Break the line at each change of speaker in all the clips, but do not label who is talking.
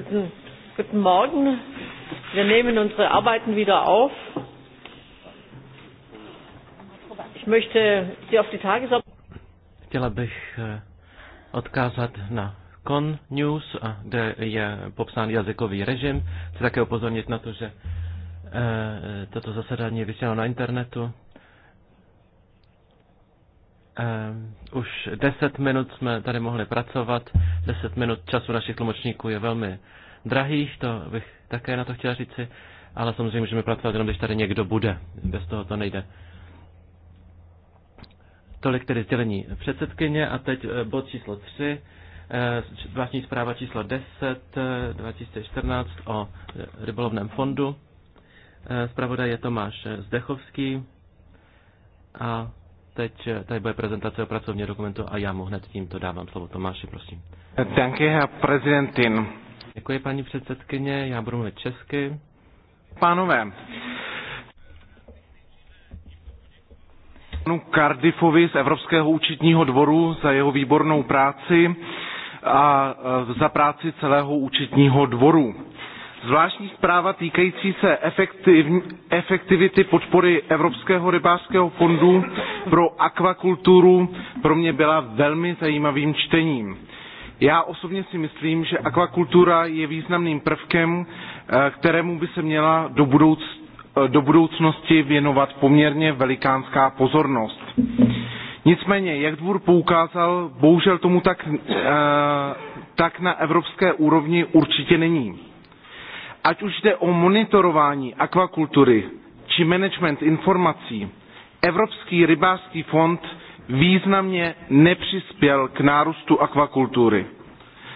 Guten, Morgen. Wir nehmen unsere Arbeiten wieder auf. Ich möchte Sie auf die Tagesordnung.
Chtěla bych eh, odkázat na Con News, kde je popsán jazykový režim. Chci také upozornit na to, že eh, toto zasedání je vysíláno na internetu. Uh, už deset minut jsme tady mohli pracovat, deset minut času našich tlumočníků je velmi drahých, to bych také na to chtěla říci, ale samozřejmě můžeme pracovat jenom, když tady někdo bude, bez toho to nejde. Tolik tedy sdělení předsedkyně a teď eh, bod číslo 3, zvláštní eh, zpráva číslo 10 2014 o rybolovném fondu. Zpravodaj je Tomáš Zdechovský a teď eh, tady bude prezentace o pracovním dokumentu a já mu hned tímto dávám slovo. Tomáši, prosím.
Eh, you, prezidentin. Děkuji, paní předsedkyně, já budu mluvit česky. Pánové, panu Cardiffovi z Evropského účetního dvoru za jeho výbornou práci a eh, za práci celého účetního dvoru zvláštní zpráva týkající se efektivity podpory Evropského rybářského fondu pro akvakulturu pro mě byla velmi zajímavým čtením. Já osobně si myslím, že akvakultura je významným prvkem, eh, kterému by se měla do, budouc, eh, do budoucnosti věnovat poměrně velikánská pozornost. Nicméně, jak dvůr poukázal, bohužel tomu tak, eh, tak na evropské úrovni určitě není Ať už jde o monitorování akvakultury či management informací, Evropský rybářský fond významně nepřispěl k nárůstu akvakultury.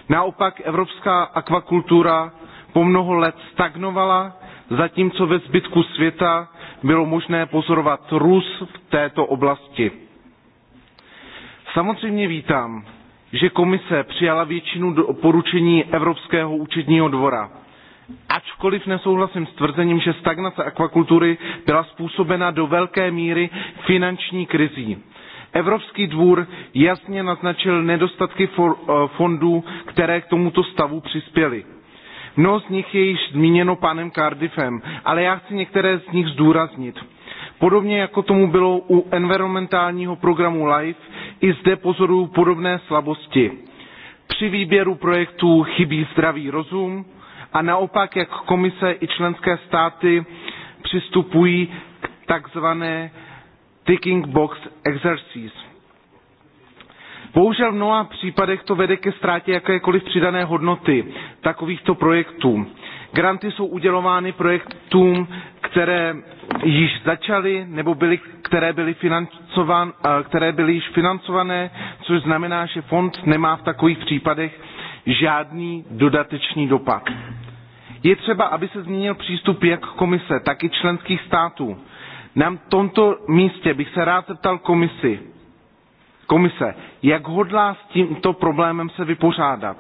Naopak evropská akvakultura po mnoho let stagnovala, zatímco ve zbytku světa bylo možné pozorovat růst v této oblasti. Samozřejmě vítám, že komise přijala většinu doporučení Evropského účetního dvora Ačkoliv nesouhlasím s tvrzením, že stagnace akvakultury byla způsobena do velké míry finanční krizí. Evropský dvůr jasně naznačil nedostatky eh, fondů, které k tomuto stavu přispěly. Mnoho z nich je již zmíněno panem Cardiffem, ale já chci některé z nich zdůraznit. Podobně jako tomu bylo u environmentálního programu LIFE, i zde pozoruju podobné slabosti. Při výběru projektů chybí zdravý rozum, a naopak, jak komise i členské státy přistupují k takzvané ticking box exercise. Bohužel v mnoha případech to vede ke ztrátě jakékoliv přidané hodnoty takovýchto projektů. Granty jsou udělovány projektům, které již začaly nebo byly, které, byly financovan, eh, které byly již financované, což znamená, že fond nemá v takových případech žádný dodatečný dopad. Je třeba, aby se změnil přístup jak komise, tak i členských států. Na tomto místě bych se rád zeptal komisi, komise, jak hodlá s tímto problémem se vypořádat?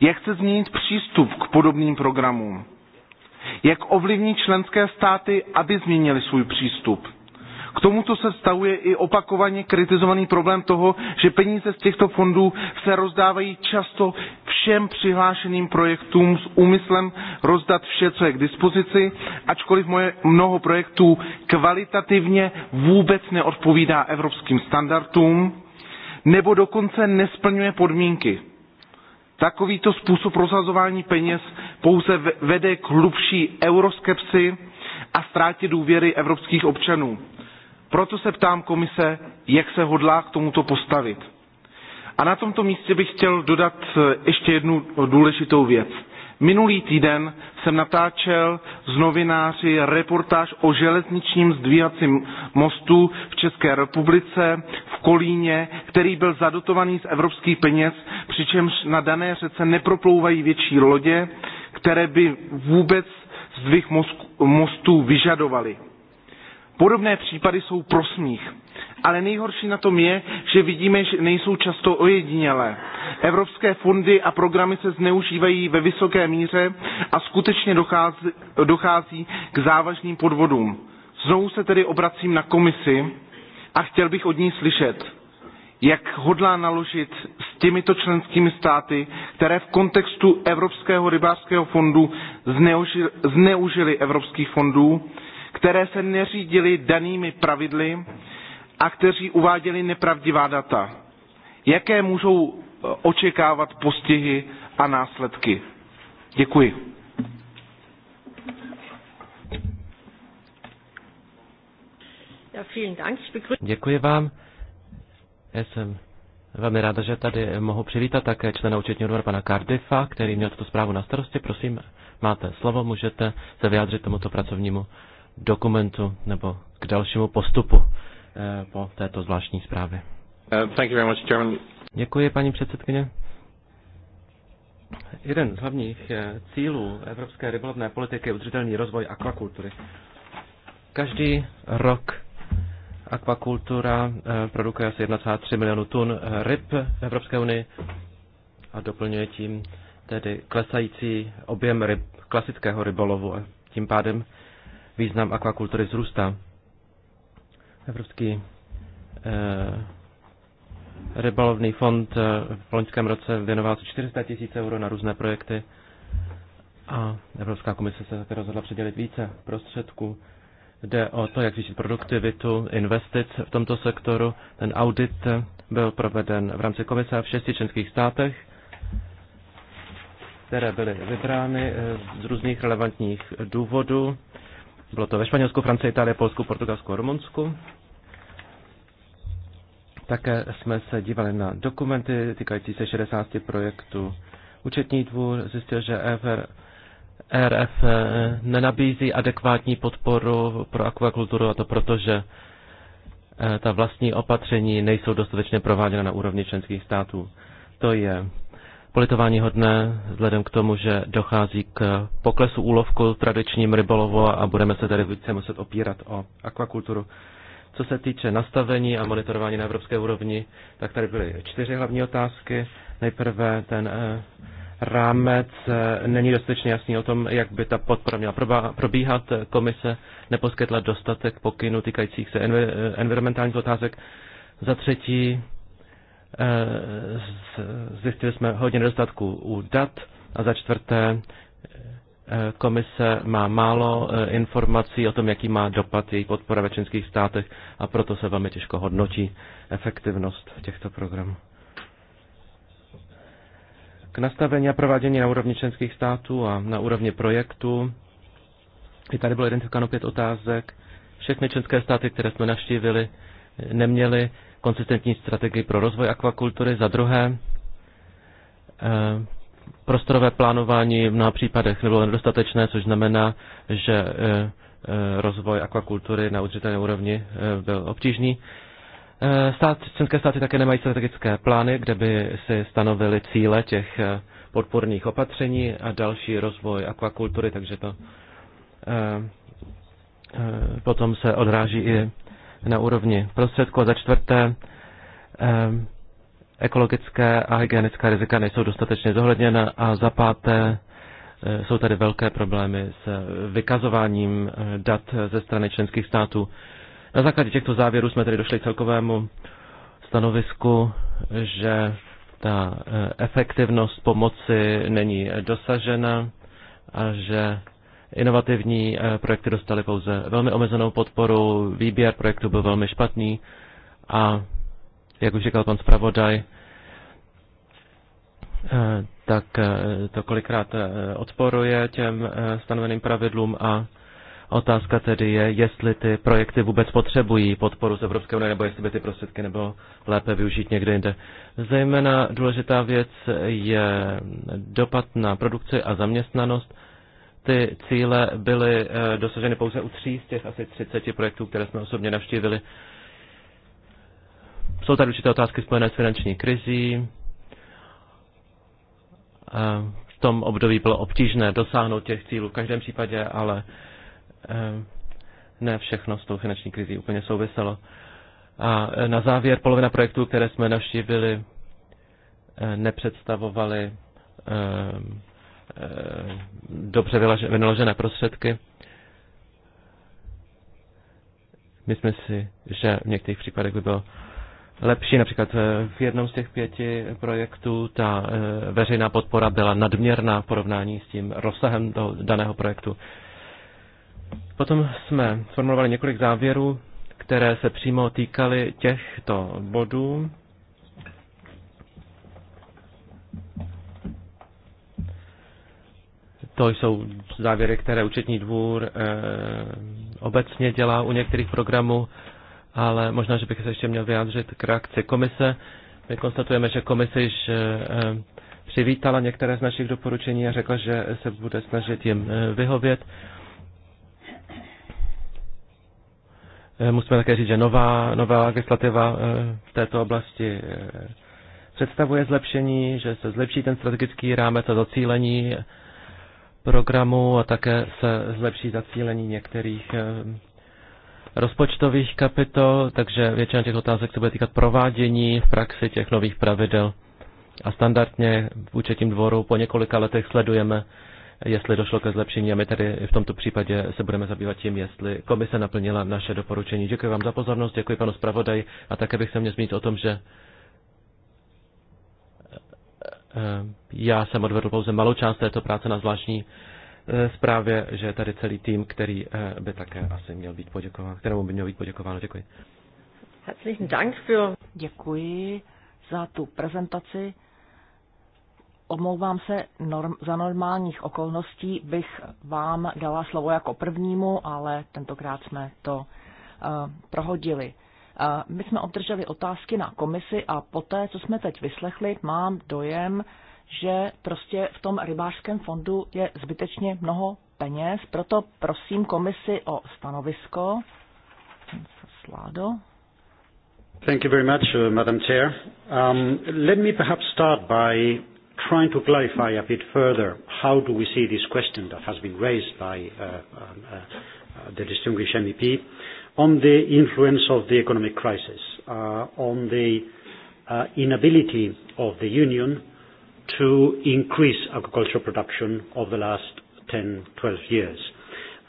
Jak chce změnit přístup k podobným programům? Jak ovlivní členské státy, aby změnili svůj přístup? K tomuto se stavuje i opakovaně kritizovaný problém toho, že peníze z těchto fondů se rozdávají často všem přihlášeným projektům s úmyslem rozdat vše, co je k dispozici, ačkoliv moje mnoho projektů kvalitativně vůbec neodpovídá evropským standardům, nebo dokonce nesplňuje podmínky. Takovýto způsob rozhazování peněz pouze vede k hlubší euroskepsi a ztrátě důvěry evropských občanů. Proto se ptám komise, jak se hodlá k tomuto postavit. A na tomto místě bych chtěl dodat eh, ještě jednu důležitou věc. Minulý týden jsem natáčel z novináři reportáž o železničním zdvíhacím mostu v České republice v Kolíně, který byl zadotovaný z evropských peněz, přičemž na dané řece neproplouvají větší lodě, které by vůbec zdvih mostů vyžadovaly. Podobné případy jsou pro smích. Ale nejhorší na tom je, že vidíme, že nejsou často ojedinělé. Evropské fondy a programy se zneužívají ve vysoké míře a skutečně dochází, dochází k závažným podvodům. Znovu se tedy obracím na komisi a chtěl bych od ní slyšet, jak hodlá naložit s těmito členskými státy, které v kontextu Evropského rybářského fondu zneužili, zneužili evropských fondů které se neřídily danými pravidly a kteří uváděli nepravdivá data. Jaké můžou e, očekávat postihy a následky? Děkuji.
Děkuji vám. Já jsem velmi ráda, že tady mohu přivítat také člena účetního dvora pana Cardiffa, který měl tuto zprávu na starosti. Prosím, máte slovo, můžete se vyjádřit tomuto pracovnímu dokumentu nebo k dalšímu postupu eh, po této zvláštní zprávě. Uh, thank you very much, Chairman. Děkuji, paní předsedkyně. Jeden z hlavních eh, cílů evropské rybolovné politiky je udržitelný rozvoj akvakultury. Každý rok akvakultura eh, produkuje asi 1,3 milionu tun ryb v Evropské unii a doplňuje tím tedy klesající objem ryb, klasického rybolovu a tím pádem význam akvakultury vzrůstá. Evropský eh, rybolovný fond eh, v loňském roce věnoval 400 tisíc euro na různé projekty a Evropská komise se také rozhodla předělit více prostředků. Jde o to, jak zvýšit produktivitu investic v tomto sektoru. Ten audit byl proveden v rámci komise v šesti členských státech, které byly vybrány eh, z různých relevantních důvodů. Bylo to ve Španělsku, Francii, Itálii, Polsku, Portugalsku a Rumunsku. Také jsme se dívali na dokumenty týkající se 60 projektu. Účetní dvůr zjistil, že EFR, RF eh, nenabízí adekvátní podporu pro akvakulturu a to proto, že eh, ta vlastní opatření nejsou dostatečně prováděna na úrovni členských států. To je politování hodné, vzhledem k tomu, že dochází k poklesu úlovku tradičním rybolovu a budeme se tedy více muset opírat o akvakulturu. Co se týče nastavení a monitorování na evropské úrovni, tak tady byly čtyři hlavní otázky. Nejprve ten eh, rámec eh, není dostatečně jasný o tom, jak by ta podpora měla probíhat. Komise neposkytla dostatek pokynů týkajících se eh, environmentálních otázek. Za třetí, Eh, zjistili jsme hodně nedostatků u dat a za čtvrté eh, komise má málo eh, informací o tom, jaký má dopad její podpora ve členských státech a proto se velmi těžko hodnotí efektivnost těchto programů. K nastavení a provádění na úrovni členských států a na úrovni projektu. I tady bylo identifikováno pět otázek. Všechny členské státy, které jsme navštívili, neměly konsistentní strategii pro rozvoj akvakultury, za druhé eh, prostorové plánování v mnoha případech nebylo nedostatečné, což znamená, že eh, eh, rozvoj akvakultury na udržitelné úrovni byl obtížný. Stát, členské státy také nemají strategické plány, kde by si stanovili cíle těch podporných opatření a další rozvoj akvakultury, takže to potom se odráží i na úrovni prostředku a za čtvrté ehm, ekologické a hygienické rizika nejsou dostatečně zohledněna a za páté eh, jsou tady velké problémy s vykazováním eh, dat ze strany členských států. Na základě těchto závěrů jsme tedy došli k celkovému stanovisku, že ta eh, efektivnost pomoci není dosažena a že Inovativní eh, projekty dostaly pouze velmi omezenou podporu, výběr projektů byl velmi špatný a, jak už říkal pan zpravodaj, eh, tak eh, to kolikrát odporuje těm stanoveným pravidlům a otázka tedy je, jestli ty projekty vůbec potřebují podporu z Evropské unie, nebo jestli by ty prostředky nebylo lépe využít někde jinde. Zejména důležitá věc je dopad na produkci a zaměstnanost ty cíle byly eh, dosaženy pouze u tří z těch asi 30 projektů, které jsme osobně navštívili. Jsou tady určité otázky spojené s finanční krizí. Eh, v tom období bylo obtížné dosáhnout těch cílů v každém případě, ale eh, ne všechno s tou finanční krizí úplně souviselo. A na závěr polovina projektů, které jsme navštívili, nepředstavovaly Eh, dobře vynaložené prostředky. Myslím si, že v některých případech by bylo lepší. Například eh, v jednom z těch pěti projektů ta eh, veřejná podpora byla nadměrná v porovnání s tím rozsahem toho daného projektu. Potom jsme formulovali několik závěrů, které se přímo týkaly těchto bodů. To jsou závěry, které účetní dvůr e, obecně dělá u některých programů, ale možná, že bych se ještě měl vyjádřit k reakci komise. My konstatujeme, že komise již e, přivítala některé z našich doporučení a řekla, že se bude snažit jim vyhovět. Musíme také říct, že nová, nová legislativa v této oblasti představuje zlepšení, že se zlepší ten strategický rámec a docílení programu a také se zlepší zacílení některých eh, rozpočtových kapitol, takže většina těch otázek se bude týkat provádění v praxi těch nových pravidel. A standardně v účetním dvoru po několika letech sledujeme, jestli došlo ke zlepšení a my tedy v tomto případě se budeme zabývat tím, jestli komise naplnila naše doporučení. Děkuji vám za pozornost, děkuji panu zpravodaj a také bych se měl zmínit o tom, že Eh, já jsem odvedl pouze malou část této práce na zvláštní eh, zprávě, že je tady celý tým, který eh, by také asi měl být poděkován, kterému by měl být poděkován, Děkuji.
Herzlichen Dank für... Děkuji za tu prezentaci. Omlouvám se, norm, za normálních okolností bych vám dala slovo jako prvnímu, ale tentokrát jsme to uh, prohodili. My jsme obdrželi otázky na komisi a poté, co jsme teď vyslechli, mám dojem, že prostě v tom rybářském fondu je zbytečně mnoho peněz, proto prosím komisi o stanovisko.
Slado. Thank you very much, uh, Madam Chair. Um, let me perhaps start by trying to clarify a bit further how do we see this question that has been raised by uh, um, uh, uh, the distinguished MEP on the influence of the economic crisis, uh, on the uh, inability of the Union to increase agricultural production over the last 10, 12 years.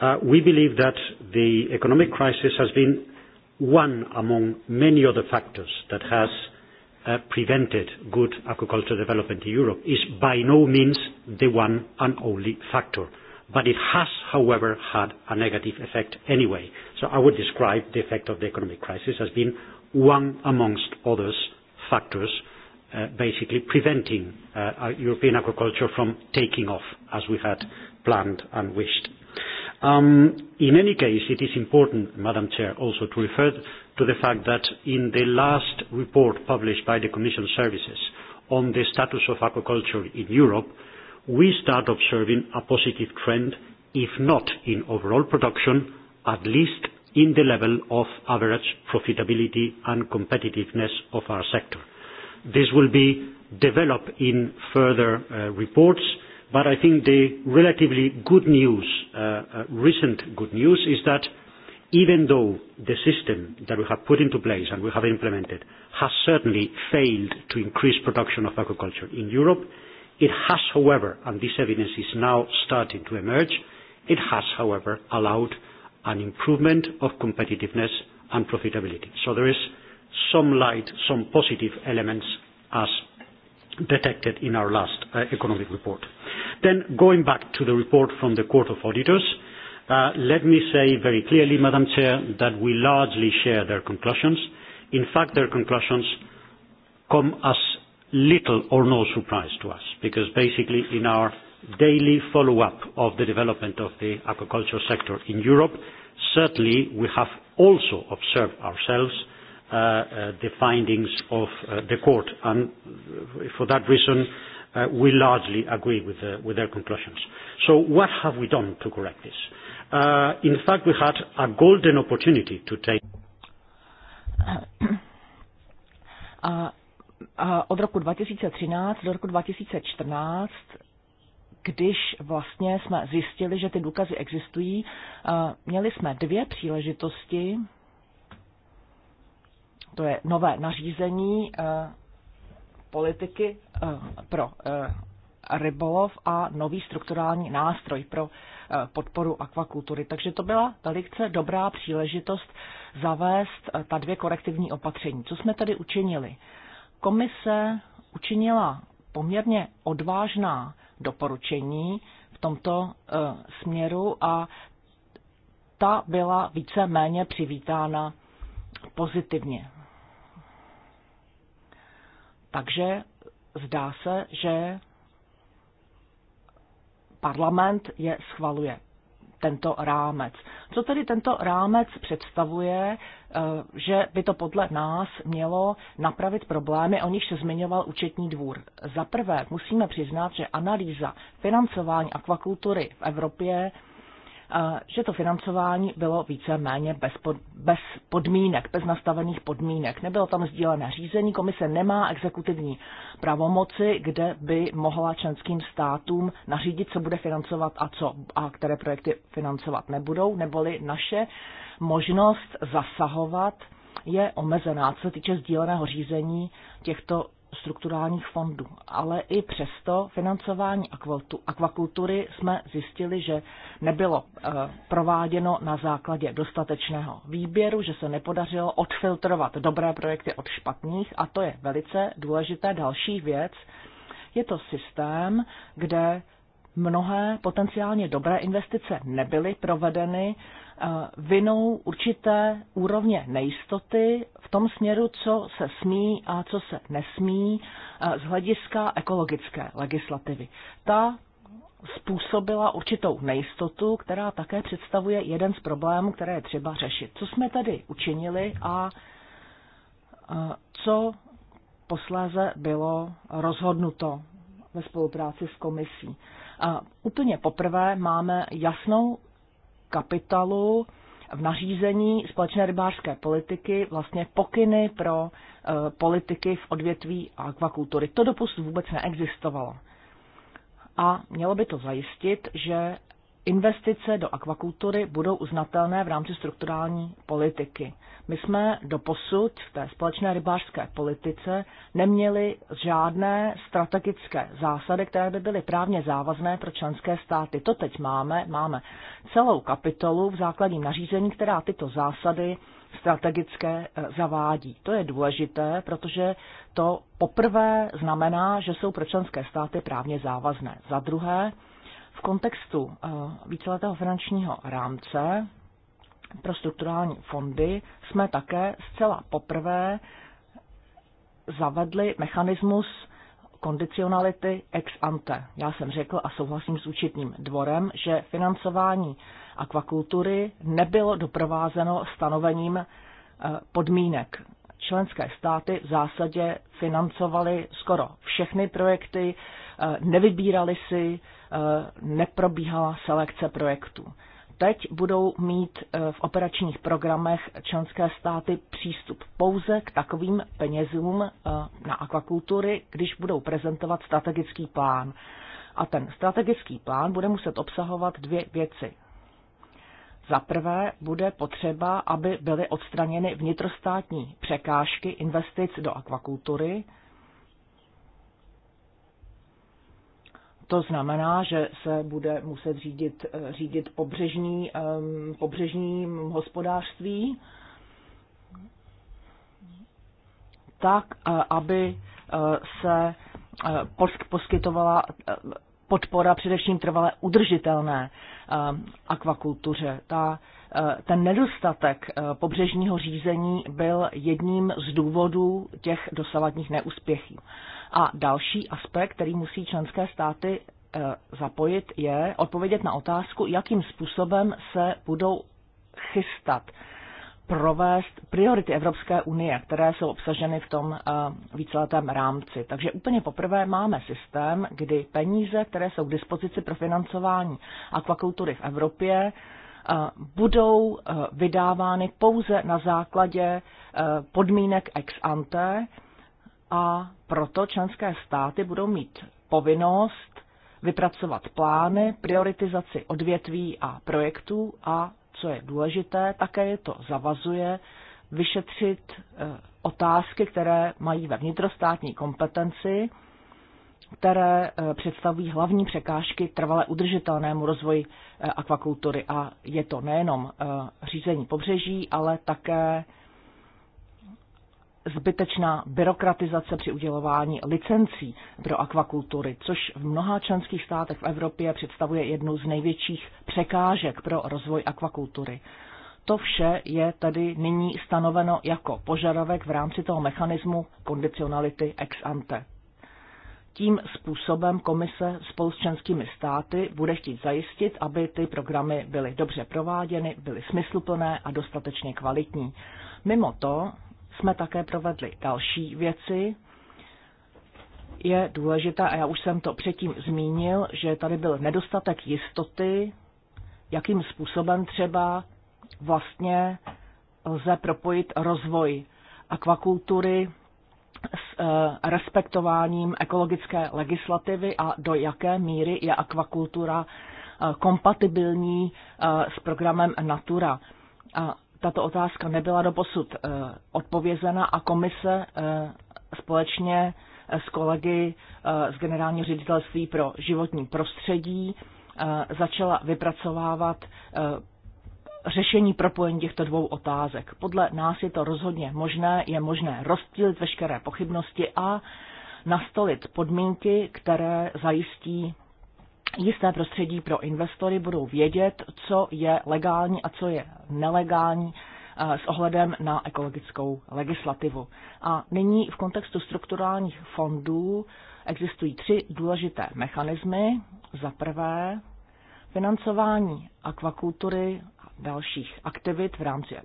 Uh, we believe that the economic crisis has been one among many other factors that has uh, prevented good agricultural development in Europe, is by no means the one and only factor but it has, however, had a negative effect anyway. So I would describe the effect of the economic crisis as being one amongst others factors uh, basically preventing uh, our European agriculture from taking off as we had planned and wished. Um, in any case, it is important, Madam Chair, also to refer to the fact that in the last report published by the Commission Services on the status of agriculture in Europe, we start observing a positive trend, if not in overall production, at least in the level of average profitability and competitiveness of our sector. This will be developed in further uh, reports, but I think the relatively good news, uh, uh, recent good news, is that even though the system that we have put into place and we have implemented has certainly failed to increase production of agriculture in Europe, It has, however, and this evidence is now starting to emerge, it has, however, allowed an improvement of competitiveness and profitability. So there is some light, some positive elements as detected in our last uh, economic report. Then going back to the report from the Court of Auditors, uh, let me say very clearly, Madam Chair, that we largely share their conclusions. In fact, their conclusions come as little or no surprise to us, because basically in our daily follow-up of the development of the aquaculture sector in Europe, certainly we have also observed ourselves uh, uh, the findings of uh, the court. and For that reason, uh, we largely agree with, uh, with their conclusions. So, What have we done to correct this? Uh, in fact, we had a golden opportunity to take.
od roku 2013 do roku 2014, když vlastně jsme zjistili, že ty důkazy existují, měli jsme dvě příležitosti, to je nové nařízení e, politiky e, pro e, rybolov a nový strukturální nástroj pro podporu akvakultury. Takže to byla velice dobrá příležitost zavést ta dvě korektivní opatření. Co jsme tady učinili? Komise učinila poměrně odvážná doporučení v tomto uh, směru a ta byla více méně přivítána pozitivně. Takže zdá se, že parlament je schvaluje tento rámec. Co tedy tento rámec představuje, eh, že by to podle nás mělo napravit problémy, o nich se zmiňoval účetní dvůr. Za prvé musíme přiznat, že analýza financování akvakultury v Evropě že to financování bylo více-méně bez, pod, bez podmínek, bez nastavených podmínek. Nebylo tam sdílené řízení, komise nemá exekutivní pravomoci, kde by mohla členským státům nařídit, co bude financovat a co a které projekty financovat nebudou, neboli naše možnost zasahovat je omezená, co se týče sdíleného řízení těchto strukturálních fondů. Ale i přesto financování akvakultury jsme zjistili, že nebylo eh, prováděno na základě dostatečného výběru, že se nepodařilo odfiltrovat dobré projekty od špatných a to je velice důležité další věc. Je to systém, kde mnohé potenciálně dobré investice nebyly provedeny Eh, vinou určité úrovně nejistoty v tom směru, co se smí a co se nesmí eh, z hlediska ekologické legislativy. Ta způsobila určitou nejistotu, která také představuje jeden z problémů, které je třeba řešit. Co jsme tady učinili a eh, co posléze bylo rozhodnuto ve spolupráci s komisí. A úplně poprvé máme jasnou kapitálu v nařízení společné rybářské politiky vlastně pokyny pro e, politiky v odvětví akvakultury. To dopust vůbec neexistovalo. A mělo by to zajistit, že investice do akvakultury budou uznatelné v rámci strukturální politiky. My jsme do posud v té společné rybářské politice neměli žádné strategické zásady, které by byly právně závazné pro členské státy. To teď máme. Máme celou kapitolu v základním nařízení, která tyto zásady strategické e, zavádí. To je důležité, protože to poprvé znamená, že jsou pro členské státy právně závazné. Za druhé, v kontextu eh, víceletého finančního rámce pro strukturální fondy jsme také zcela poprvé zavedli mechanismus kondicionality ex ante. Já jsem řekl a souhlasím s účetním dvorem, že financování akvakultury nebylo doprovázeno stanovením eh, podmínek. Členské státy v zásadě financovaly skoro všechny projekty, eh, nevybírali si Eh, neprobíhala selekce projektů. Teď budou mít eh, v operačních programech členské státy přístup pouze k takovým penězům eh, na akvakultury, když budou prezentovat strategický plán. A ten strategický plán bude muset obsahovat dvě věci. Za prvé bude potřeba, aby byly odstraněny vnitrostátní překážky investic do akvakultury, To znamená, že se bude muset řídit, řídit pobřežní, pobřežním hospodářství, tak, aby e, se e, poskytovala e, podpora především trvale udržitelné eh, akvakultuře. Ta, eh, ten nedostatek eh, pobřežního řízení byl jedním z důvodů těch dosavadních neúspěchů. A další aspekt, který musí členské státy zapojit, je odpovědět na otázku, jakým způsobem se budou chystat provést priority Evropské unie, které jsou obsaženy v tom eh, víceletém rámci. Takže úplně poprvé máme systém, kdy peníze, které jsou k dispozici pro financování akvakultury v Evropě, eh, budou eh, vydávány pouze na základě podmínek ex ante a proto členské státy budou mít povinnost vypracovat plány, prioritizaci odvětví a projektů a co je důležité, také je to zavazuje vyšetřit eh, otázky, které mají ve vnitrostátní kompetenci, které eh, představují hlavní překážky trvale udržitelnému rozvoji eh, akvakultury. A je to nejenom řízení pobřeží, ale také zbytečná byrokratizace při udělování licencí pro akvakultury, což v mnoha členských státech v Evropě představuje jednu z největších překážek pro rozvoj akvakultury. To vše je tedy nyní stanoveno jako požadavek v rámci toho mechanismu kondicionality ex ante. Tím způsobem komise spolu s členskými státy bude chtít zajistit, aby ty programy byly dobře prováděny, byly smysluplné a dostatečně kvalitní. Mimo to jsme také provedli další věci. Je důležité, a já už jsem to předtím zmínil, že tady byl nedostatek jistoty, jakým způsobem třeba vlastně lze propojit rozvoj akvakultury s e, respektováním ekologické legislativy a do jaké míry je akvakultura e, kompatibilní e, s programem Natura. A tato otázka nebyla doposud eh, odpovězena a komise eh, společně eh, s kolegy z Generálního ředitelství pro životní prostředí začala vypracovávat řešení propojení těchto dvou otázek. Podle nás je to rozhodně možné, je možné rozptýlit veškeré pochybnosti a nastolit podmínky, které zajistí jisté prostředí pro investory, budou vědět, co je legální a co je nelegální eh, s ohledem na ekologickou legislativu. A nyní v kontextu strukturálních fondů existují tři důležité mechanismy. Za prvé, financování akvakultury a dalších aktivit v rámci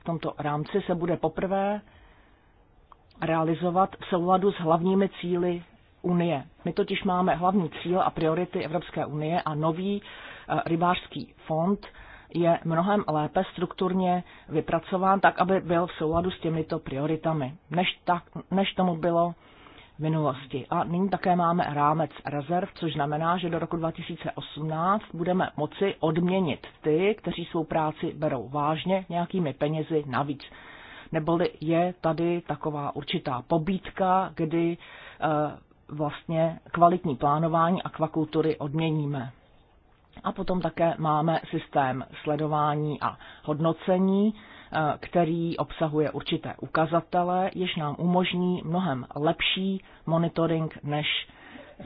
v tomto rámci se bude poprvé realizovat v souladu s hlavními cíly unie. My totiž máme hlavní cíl a priority Evropské unie a nový eh, rybářský fond je mnohem lépe strukturně vypracován tak, aby byl v souladu s těmito prioritami, než, tak, než tomu bylo v minulosti. A nyní také máme rámec rezerv, což znamená, že do roku 2018 budeme moci odměnit ty, kteří svou práci berou vážně, nějakými penězi navíc. Neboli je tady taková určitá pobítka, kdy eh, vlastně kvalitní plánování akvakultury odměníme. A potom také máme systém sledování a hodnocení, eh, který obsahuje určité ukazatele, jež nám umožní mnohem lepší monitoring než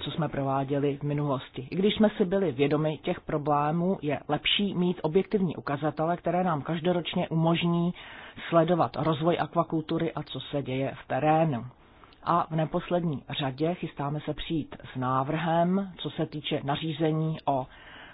co jsme prováděli v minulosti. I když jsme si byli vědomi těch problémů, je lepší mít objektivní ukazatele, které nám každoročně umožní sledovat rozvoj akvakultury a co se děje v terénu. A v neposlední řadě chystáme se přijít s návrhem, co se týče nařízení o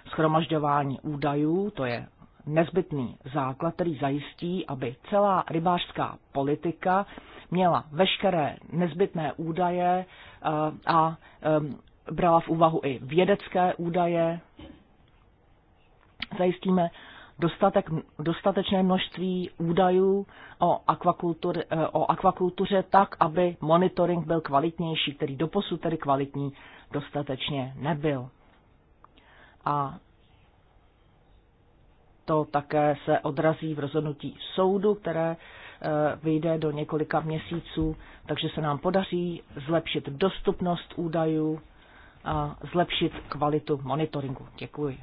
schromažďování údajů, to je nezbytný základ, který zajistí, aby celá rybářská politika měla veškeré nezbytné údaje eh, a eh, brala v úvahu i vědecké údaje. Zajistíme dostatek, dostatečné množství údajů o, akvakultur, eh, o akvakultuře tak, aby monitoring byl kvalitnější, který doposud tedy kvalitní dostatečně nebyl. A to také se odrazí v rozhodnutí soudu, které eh, vyjde do několika měsíců, takže se nám podaří zlepšit dostupnost údajů a zlepšit kvalitu monitoringu. Děkuji.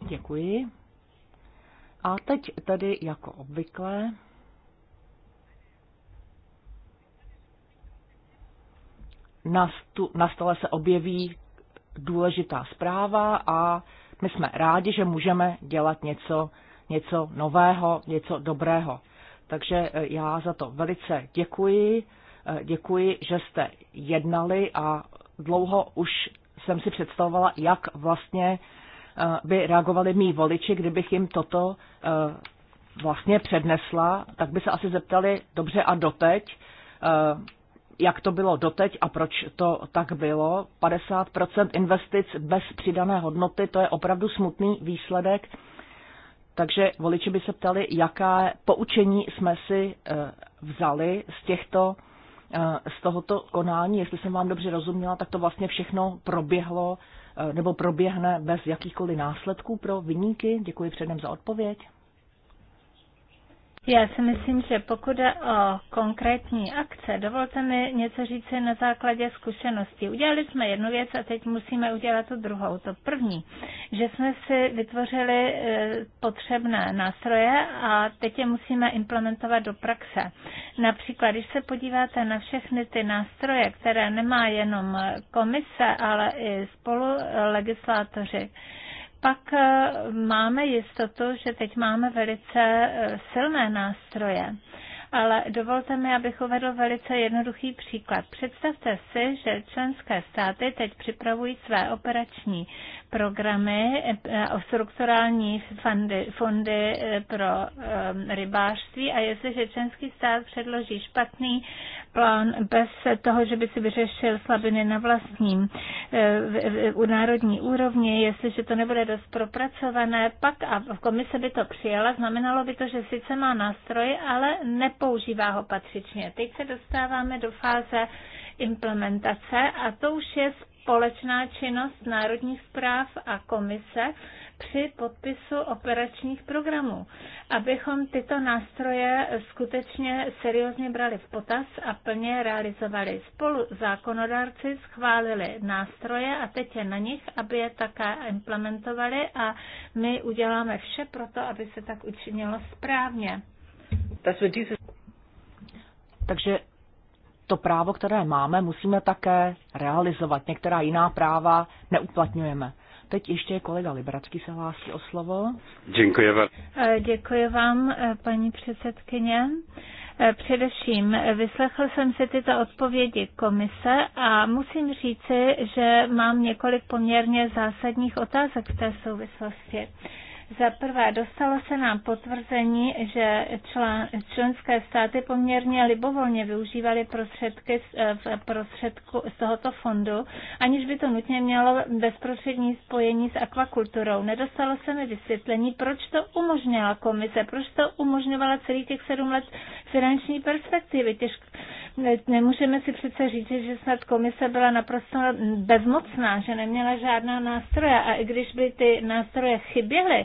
Děkuji. A teď tady jako obvykle na, stu, na stole se objeví důležitá zpráva a my jsme rádi, že můžeme dělat něco, něco nového, něco dobrého. Takže eh, já za to velice děkuji. Eh, děkuji, že jste jednali a dlouho už jsem si představovala, jak vlastně by reagovali mý voliči, kdybych jim toto eh, vlastně přednesla, tak by se asi zeptali dobře a doteď, eh, jak to bylo doteď a proč to tak bylo. 50% investic bez přidané hodnoty, to je opravdu smutný výsledek. Takže voliči by se ptali, jaká poučení jsme si eh, vzali z těchto z tohoto konání, jestli jsem vám dobře rozuměla, tak to vlastně všechno proběhlo Eh, nebo proběhne bez jakýchkoliv následků pro vyníky? Děkuji předem za odpověď.
Já si myslím, že pokud jde o konkrétní akce, dovolte mi něco si na základě zkušenosti. Udělali jsme jednu věc a teď musíme udělat tu druhou. To první, že jsme si vytvořili e, potřebné nástroje a teď je musíme implementovat do praxe. Například, když se podíváte na všechny ty nástroje, které nemá jenom komise, ale i spolulegislátoři, pak eh, máme jistotu, že teď máme velice eh, silné nástroje. Ale dovolte mi, abych uvedl velice jednoduchý příklad. Představte si, že členské státy teď připravují své operační programy, eh, strukturální fondy, fondy pro rybářství a jestliže členský stát předloží špatný plán bez toho, že by si vyřešil slabiny na vlastním eh, u národní úrovni, jestliže to nebude dost propracované, pak a komise by to přijala, znamenalo by to, že sice má nástroje, ale nepoužívá ho patřičně. Teď se dostáváme do fáze implementace a to už je společná činnost národních zpráv a komise při podpisu operačních programů, abychom tyto nástroje skutečně seriózně brali v potaz a plně realizovali. Spolu zákonodárci schválili nástroje a teď je na nich, aby je také implementovali a my uděláme vše pro to, aby se tak učinilo správně.
Takže to právo, které máme, musíme také realizovat. Některá jiná práva neuplatňujeme. Teď ještě kolega Libracký se hlásí o slovo.
Děkuji vám.
E, děkuji vám, e, paní předsedkyně. E, především vyslechl jsem si tyto odpovědi komise a musím říci, že mám několik poměrně zásadních otázek v té souvislosti. Za prvé, dostalo se nám potvrzení, že člen, členské státy poměrně libovolně využívaly prostředky z, eh, prostředku, z tohoto fondu, aniž by to nutně mělo bezprostřední spojení s akvakulturou. Nedostalo se mi vysvětlení, proč to umožnila komise, proč to umožňovala celý těch sedm let finanční perspektivy. Těžk, nemůžeme si přece říct, že snad komise byla naprosto bezmocná, že neměla žádná nástroje a i když by ty nástroje chyběly,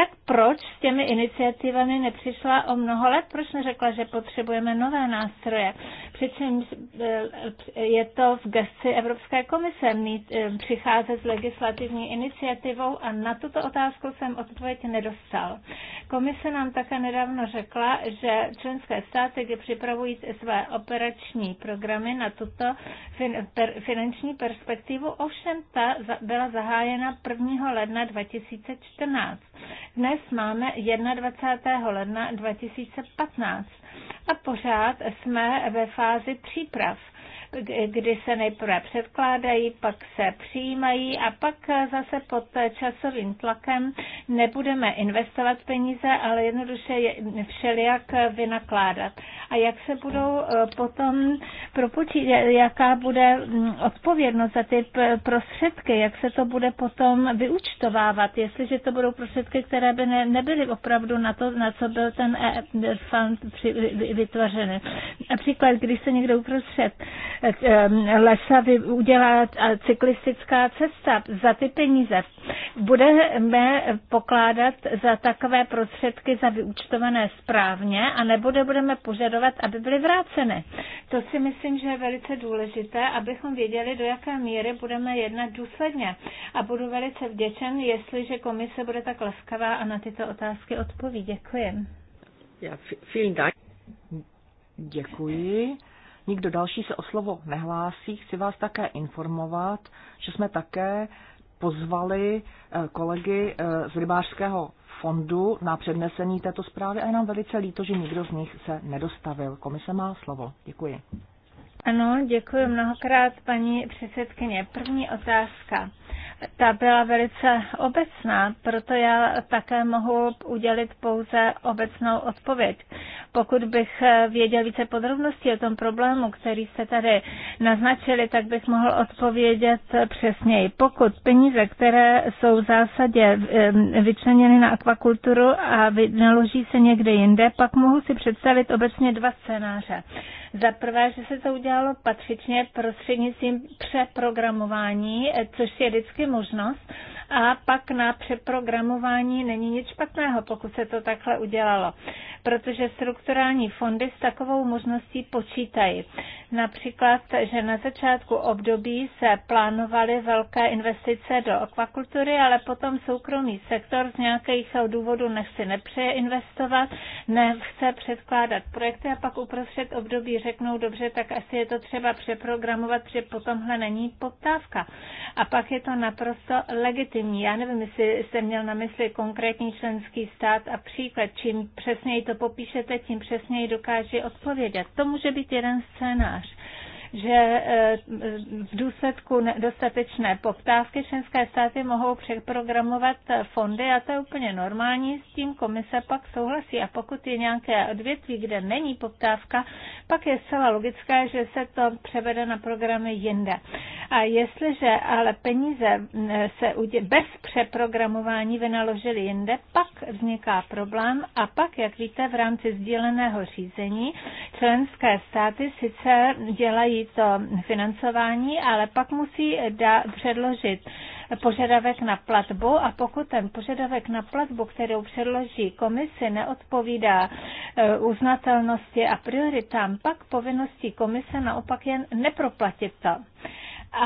tak proč s těmi iniciativami nepřišla o mnoho let? Proč neřekla, že potřebujeme nové nástroje? Přičemž eh, je to v gesci Evropské komise mít, eh, přicházet s legislativní iniciativou a na tuto otázku jsem odpověď nedostal. Komise nám také nedávno řekla, že členské státy, kdy připravují své operační programy na tuto finanční perspektivu, ovšem ta byla zahájena 1. ledna 2014. Dnes máme 21. ledna 2015 a pořád jsme ve fázi příprav kdy se nejprve předkládají, pak se přijímají a pak zase pod časovým tlakem nebudeme investovat peníze, ale jednoduše je všelijak vynakládat. A jak se budou eh, potom propočítat, jaká bude mm, odpovědnost za ty prostředky, jak se to bude potom vyúčtovávat, jestliže to budou prostředky, které by ne, nebyly opravdu na to, na co byl ten eh, fond vytvořen. Například, když se někdo uprostřed Eh, lesa udělá cyklistická cesta za ty peníze. Budeme pokládat za takové prostředky za vyúčtované správně a nebude budeme požadovat, aby byly vráceny. To si myslím, že je velice důležité, abychom věděli, do jaké míry budeme jednat důsledně. A budu velice vděčen, jestliže komise bude tak laskavá a na tyto otázky odpoví. Děkuji.
Ja, vielen Dank. Děkuji nikdo další se o slovo nehlásí, chci vás také informovat, že jsme také pozvali eh, kolegy eh, z rybářského fondu na přednesení této zprávy a je nám velice líto, že nikdo z nich se nedostavil. Komise má slovo. Děkuji.
Ano, děkuji mnohokrát, paní předsedkyně. První otázka ta byla velice obecná, proto já také mohu udělit pouze obecnou odpověď. Pokud bych věděl více podrobností o tom problému, který jste tady naznačili, tak bych mohl odpovědět přesněji. Pokud peníze, které jsou v zásadě vyčleněny na akvakulturu a naloží se někde jinde, pak mohu si představit obecně dva scénáře. Za prvé, že se to udělalo patřičně prostřednictvím přeprogramování, což je vždycky možnost a pak na přeprogramování není nic špatného, pokud se to takhle udělalo, protože strukturální fondy s takovou možností počítají. Například, že na začátku období se plánovaly velké investice do akvakultury, ale potom soukromý sektor z nějakých důvodů nechci nepřeje investovat, nechce předkládat projekty a pak uprostřed období řeknou, dobře, tak asi je to třeba přeprogramovat, protože potomhle není poptávka. A pak je to to naprosto legitimní. Já nevím, jestli jste měl na mysli konkrétní členský stát a příklad. Čím přesněji to popíšete, tím přesněji dokáže odpovědět. To může být jeden scénář že e, v důsledku dostatečné poptávky členské státy mohou přeprogramovat fondy a to je úplně normální, s tím komise pak souhlasí. A pokud je nějaké odvětví, kde není poptávka, pak je zcela logické, že se to převede na programy jinde. A jestliže ale peníze se bez přeprogramování vynaložily jinde, pak vzniká problém a pak, jak víte, v rámci sdíleného řízení členské státy sice dělají obdrží to eh, financování, ale pak musí da- předložit požadavek na platbu a pokud ten požadavek na platbu, kterou předloží komisi, neodpovídá eh, uznatelnosti a prioritám, pak povinností komise naopak jen neproplatit to. A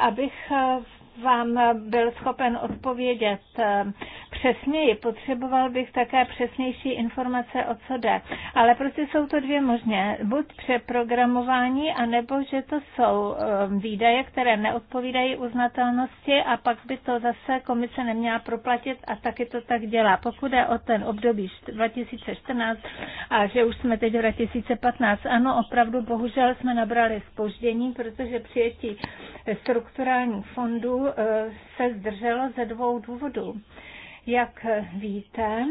abych eh, vám byl schopen odpovědět eh, přesněji, potřeboval bych také přesnější informace, o co jde. Ale prostě jsou to dvě možné. Buď přeprogramování, anebo že to jsou eh, výdaje, které neodpovídají uznatelnosti a pak by to zase komise neměla proplatit a taky to tak dělá. Pokud je o ten období 2014 a že už jsme teď v 2015, ano, opravdu bohužel jsme nabrali spoždění, protože přijetí strukturálních fondů se zdrželo ze dvou důvodů. Jak víte,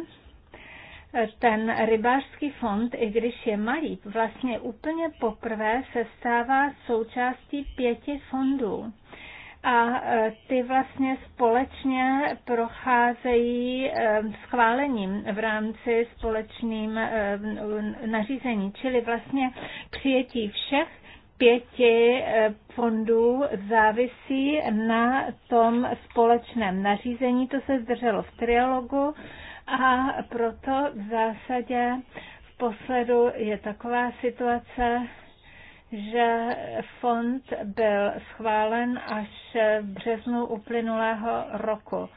ten rybářský fond, i když je malý, vlastně úplně poprvé se stává součástí pěti fondů. A e, ty vlastně společně procházejí e, schválením v rámci společným e, nařízení, čili vlastně přijetí všech pěti eh, fondů závisí na tom společném nařízení. To se zdrželo v trialogu a proto v zásadě v posledu je taková situace, že fond byl schválen až v březnu uplynulého roku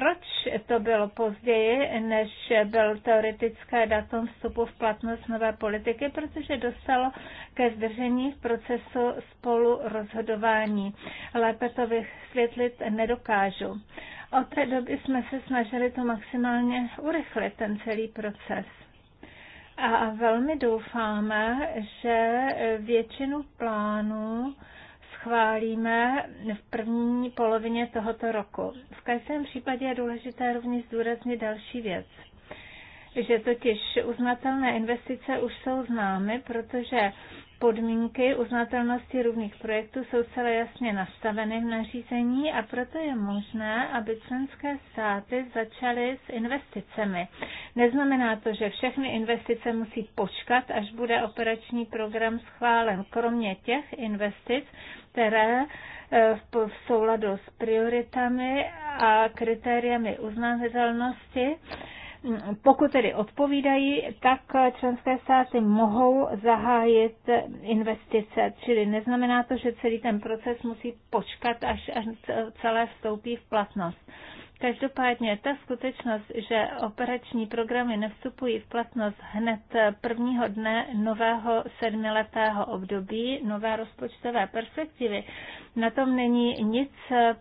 proč to bylo později, než byl teoretické datum vstupu v platnost nové politiky, protože dostalo ke zdržení v procesu spolu rozhodování. Lépe to vysvětlit nedokážu. Od té doby jsme se snažili to maximálně urychlit, ten celý proces. A velmi doufáme, že většinu plánů schválíme v první polovině tohoto roku. V každém případě je důležité rovněž zdůraznit další věc že totiž uznatelné investice už jsou známy, protože podmínky uznatelnosti rovných projektů jsou celé jasně nastaveny v nařízení a proto je možné, aby členské státy začaly s investicemi. Neznamená to, že všechny investice musí počkat, až bude operační program schválen, kromě těch investic, které eh, v souladu s prioritami a kritériemi uznatelnosti pokud tedy odpovídají, tak členské státy mohou zahájit investice, čili neznamená to, že celý ten proces musí počkat, až, až celé vstoupí v platnost. Každopádně ta skutečnost, že operační programy nevstupují v platnost hned prvního dne nového sedmiletého období, nové rozpočtové perspektivy, na tom není nic eh,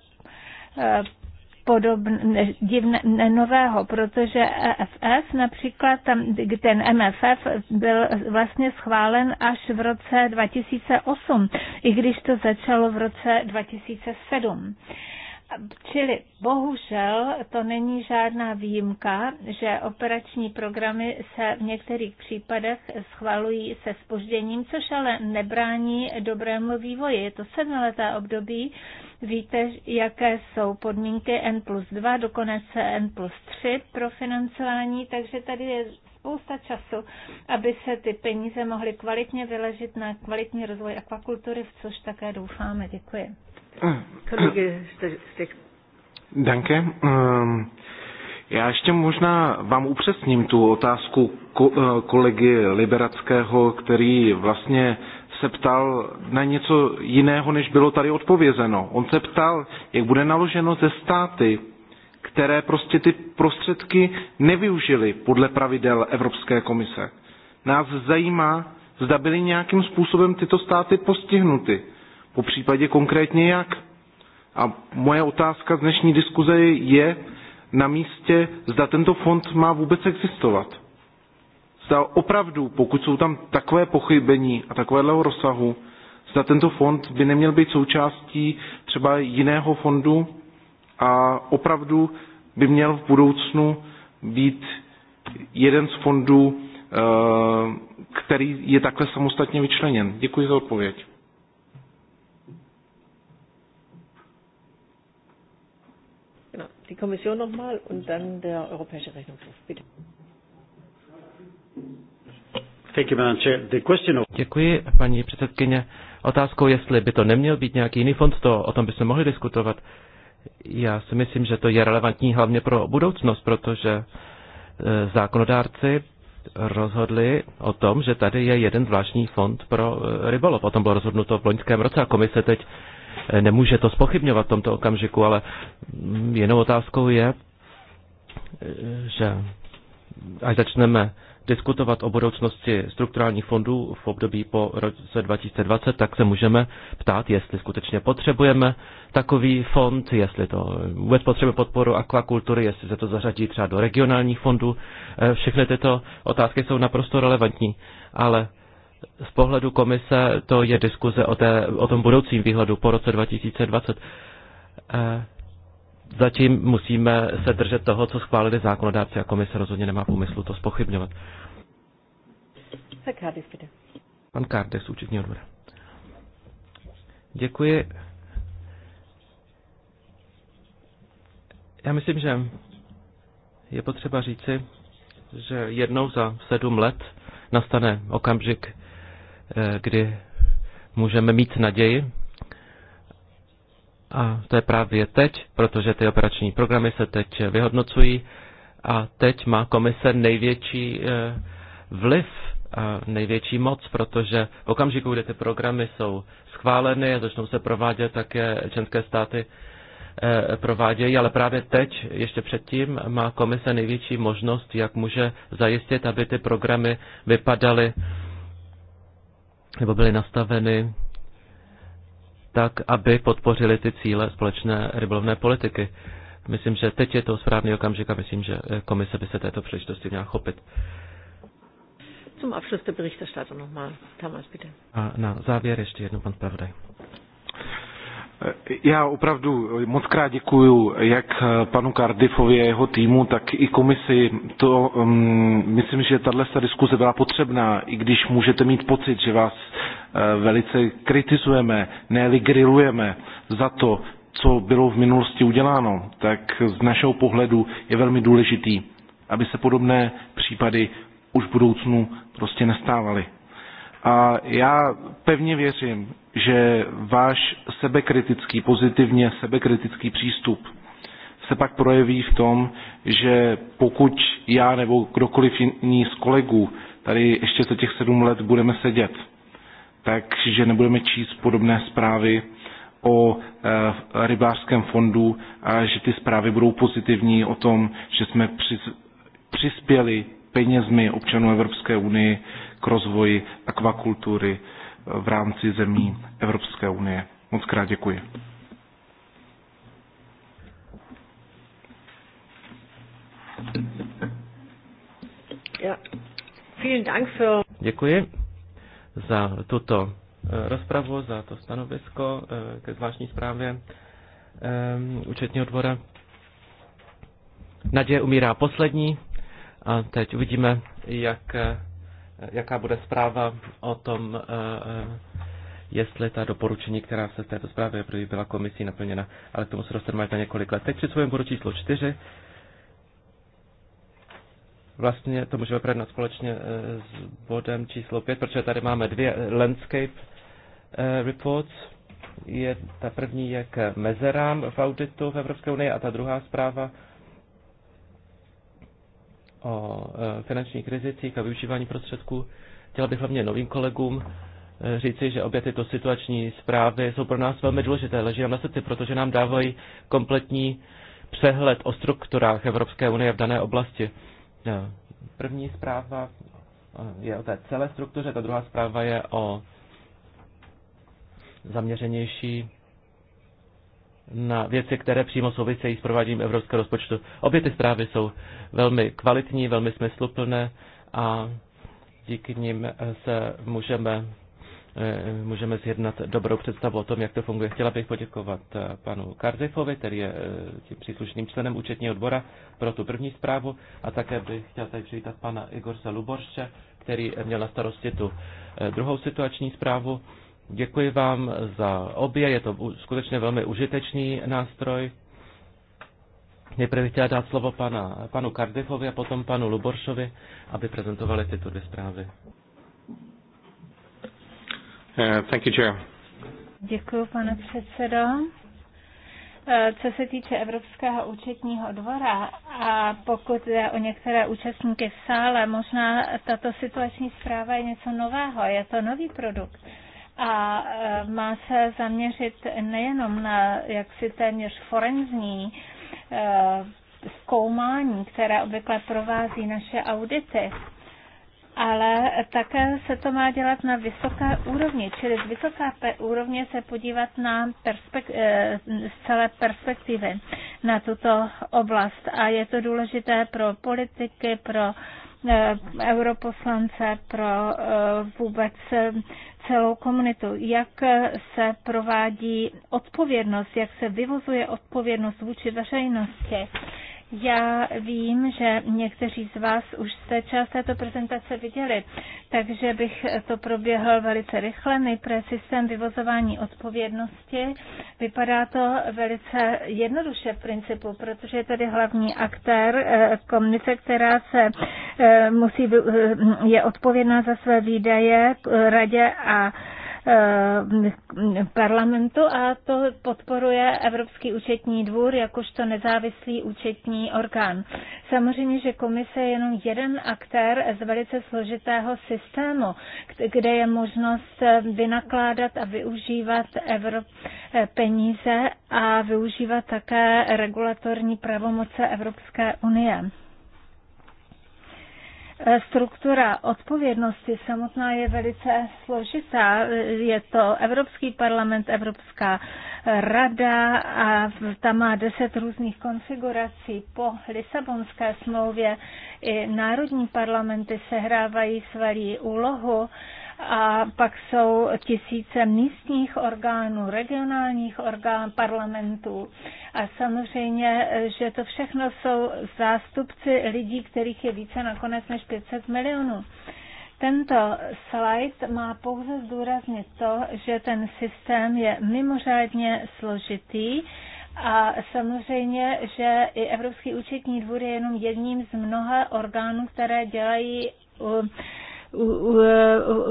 podobné, divné, ne nového, protože EFs například, tam, ten MFF byl vlastně schválen až v roce 2008, i když to začalo v roce 2007. Čili bohužel to není žádná výjimka, že operační programy se v některých případech schvalují se spožděním, což ale nebrání dobrému vývoji. Je to sedmileté období, Víte, jaké jsou podmínky N plus 2, dokonce N plus 3 pro financování, takže tady je spousta času, aby se ty peníze mohly kvalitně vyležit na kvalitní rozvoj akvakultury, v což také doufáme. Děkuji.
Danke. Ehm, já ještě možná vám upřesním tu otázku eh, kolegy Liberackého, který vlastně se ptal na něco jiného, než bylo tady odpovězeno. On se ptal, jak bude naloženo ze státy, které prostě ty prostředky nevyužily podle pravidel Evropské komise. Nás zajímá, zda byly nějakým způsobem tyto státy postihnuty, po případě konkrétně jak. A moje otázka z dnešní diskuze je na místě, zda tento fond má vůbec existovat zda opravdu, pokud jsou tam takové pochybení a takového rozsahu, zda tento fond by neměl být součástí třeba jiného fondu a opravdu by měl v budoucnu být jeden z fondů, eh, který je takhle samostatně vyčleněn. Děkuji za odpověď.
Die Kommission nochmal und dann der Europäische Rechnungshof. Bitte.
Děkuji, paní
předsedkyně. Otázkou, jestli by to neměl být nějaký jiný fond, to o tom bychom mohli diskutovat. Já si myslím, že to je relevantní hlavně pro budoucnost, protože e, zákonodárci rozhodli o tom, že tady je jeden zvláštní fond pro e, rybolov. O tom bylo rozhodnuto v loňském roce a komise teď e, nemůže to spochybňovat v tomto okamžiku, ale jenom otázkou je, že až začneme diskutovat o budoucnosti strukturálních fondů v období po roce 2020, tak se můžeme ptát, jestli skutečně potřebujeme takový fond, jestli to vůbec potřebuje podporu akvakultury, jestli se to zařadí třeba do regionálních fondů. Eh, všechny tyto otázky jsou naprosto relevantní, ale z pohledu komise to je diskuze o, té, o tom budoucím výhledu po roce 2020 zatím musíme se držet toho, co schválili zákonodárci a komise rozhodně nemá v úmyslu to spochybňovat. Pan Cardiff z účetního dvora. Děkuji. Já myslím, že je potřeba říci, že jednou za sedm let nastane okamžik, eh, kdy můžeme mít naději, a to je právě teď, protože ty operační programy se teď vyhodnocují a teď má komise největší eh, vliv, největší moc, protože v okamžiku, kdy ty programy jsou schváleny a začnou se provádět, tak je členské státy eh, provádějí, ale právě teď, ještě předtím, má komise největší možnost, jak může zajistit, aby ty programy vypadaly nebo byly nastaveny tak aby podpořili ty cíle společné rybolovné politiky. Myslím, že teď je to správný okamžik a myslím, že eh, komise by se této příležitosti měla chopit.
Zum Abschluss der nochmal. Thomas, bitte.
A na závěr ještě jednou pan Pravdaj.
Já opravdu moc krát děkuji jak eh, panu Cardiffovi a jeho týmu, tak i komisi. To, um, myslím, že tato diskuze byla potřebná, i když můžete mít pocit, že vás uh, velice kritizujeme, ne grillujeme za to, co bylo v minulosti uděláno, tak z našeho pohledu je velmi důležitý, aby se podobné případy už v budoucnu prostě nestávaly. A já pevně věřím, že váš sebekritický, pozitivně sebekritický přístup se pak projeví v tom, že pokud já nebo kdokoliv jiný z kolegů tady ještě za těch sedm let budeme sedět, takže nebudeme číst podobné zprávy o e, rybářském fondu a že ty zprávy budou pozitivní o tom, že jsme při, přispěli penězmi občanů Evropské unie k rozvoji akvakultury eh, v rámci zemí Evropské unie. Moc krát děkuji.
Děkuji za tuto eh, rozpravu, za to stanovisko eh, ke zvláštní zprávě účetního dvora. Naděje umírá poslední a teď uvidíme, jak jaká bude zpráva o tom, eh, eh, jestli ta doporučení, která se v této zprávě byla komisí naplněna, ale k tomu se dostaneme na několik let. Teď před bodu číslo čtyři. Vlastně to můžeme projednat společně eh, s bodem číslo pět, protože tady máme dvě landscape reports. Je, ta první je k mezerám v auditu v Evropské unii a ta druhá zpráva o e, finančních rizicích a využívání prostředků. Chtěla bych hlavně novým kolegům e, říci, že obě tyto situační zprávy jsou pro nás velmi důležité, leží nám na srdci, protože nám dávají kompletní přehled o strukturách Evropské unie v dané oblasti. E, první zpráva je o té celé struktuře, ta druhá zpráva je o zaměřenější na věci, které přímo souvisejí s prováděním evropského rozpočtu. Obě ty zprávy jsou velmi kvalitní, velmi smysluplné a díky nim se můžeme, eh, můžeme zjednat dobrou představu o tom, jak to funguje. Chtěla bych poděkovat eh, panu Karzefovi, který je eh, tím příslušným členem účetního odbora pro tu první zprávu a také bych chtěl tady přivítat pana Igorsa Luborše, který měl na starosti tu druhou situační zprávu. Děkuji vám za obě, je to skutečně velmi užitečný nástroj. Nejprve chtěla dát slovo pana, panu Cardiffovi a potom panu Luboršovi, aby prezentovali tyto dvě zprávy. Uh, thank you, Chair.
Děkuji, pane předsedo. Eh, co se týče Evropského účetního dvora a pokud je o některé účastníky v sále, možná tato situační zpráva je něco nového, je to nový produkt a e, má se zaměřit nejenom na jaksi téměř forenzní e, zkoumání, které obvykle provází naše audity, ale také se to má dělat na vysoké úrovni, čili z vysoké úrovně se podívat na perspek- e, z celé perspektivy na tuto oblast. A je to důležité pro politiky, pro europoslance, pro vůbec celou komunitu, jak se provádí odpovědnost, jak se vyvozuje odpovědnost vůči veřejnosti, já vím, že někteří z vás už jste část této prezentace viděli, takže bych to proběhl velice rychle. Nejprve systém vyvozování odpovědnosti. Vypadá to velice jednoduše v principu, protože je tady hlavní aktér eh, komise, která se eh, musí, eh, je odpovědná za své výdaje radě a Eh, parlamentu a to podporuje Evropský účetní dvůr jakožto nezávislý účetní orgán. Samozřejmě, že komise je jenom jeden aktér z velice složitého systému, kde je možnost eh, vynakládat a využívat evro eh, peníze a využívat také regulatorní pravomoce Evropské unie. E, struktura odpovědnosti samotná je velice složitá. Je to Evropský parlament, Evropská rada a tam má deset různých konfigurací. Po Lisabonské smlouvě i národní parlamenty sehrávají svou úlohu a pak jsou tisíce místních orgánů, regionálních orgánů, parlamentů. A samozřejmě, že to všechno jsou zástupci lidí, kterých je více nakonec než 500 milionů. Tento slide má pouze zdůraznit to, že ten systém je mimořádně složitý a samozřejmě, že i Evropský účetní dvůr je jenom jedním z mnoha orgánů, které dělají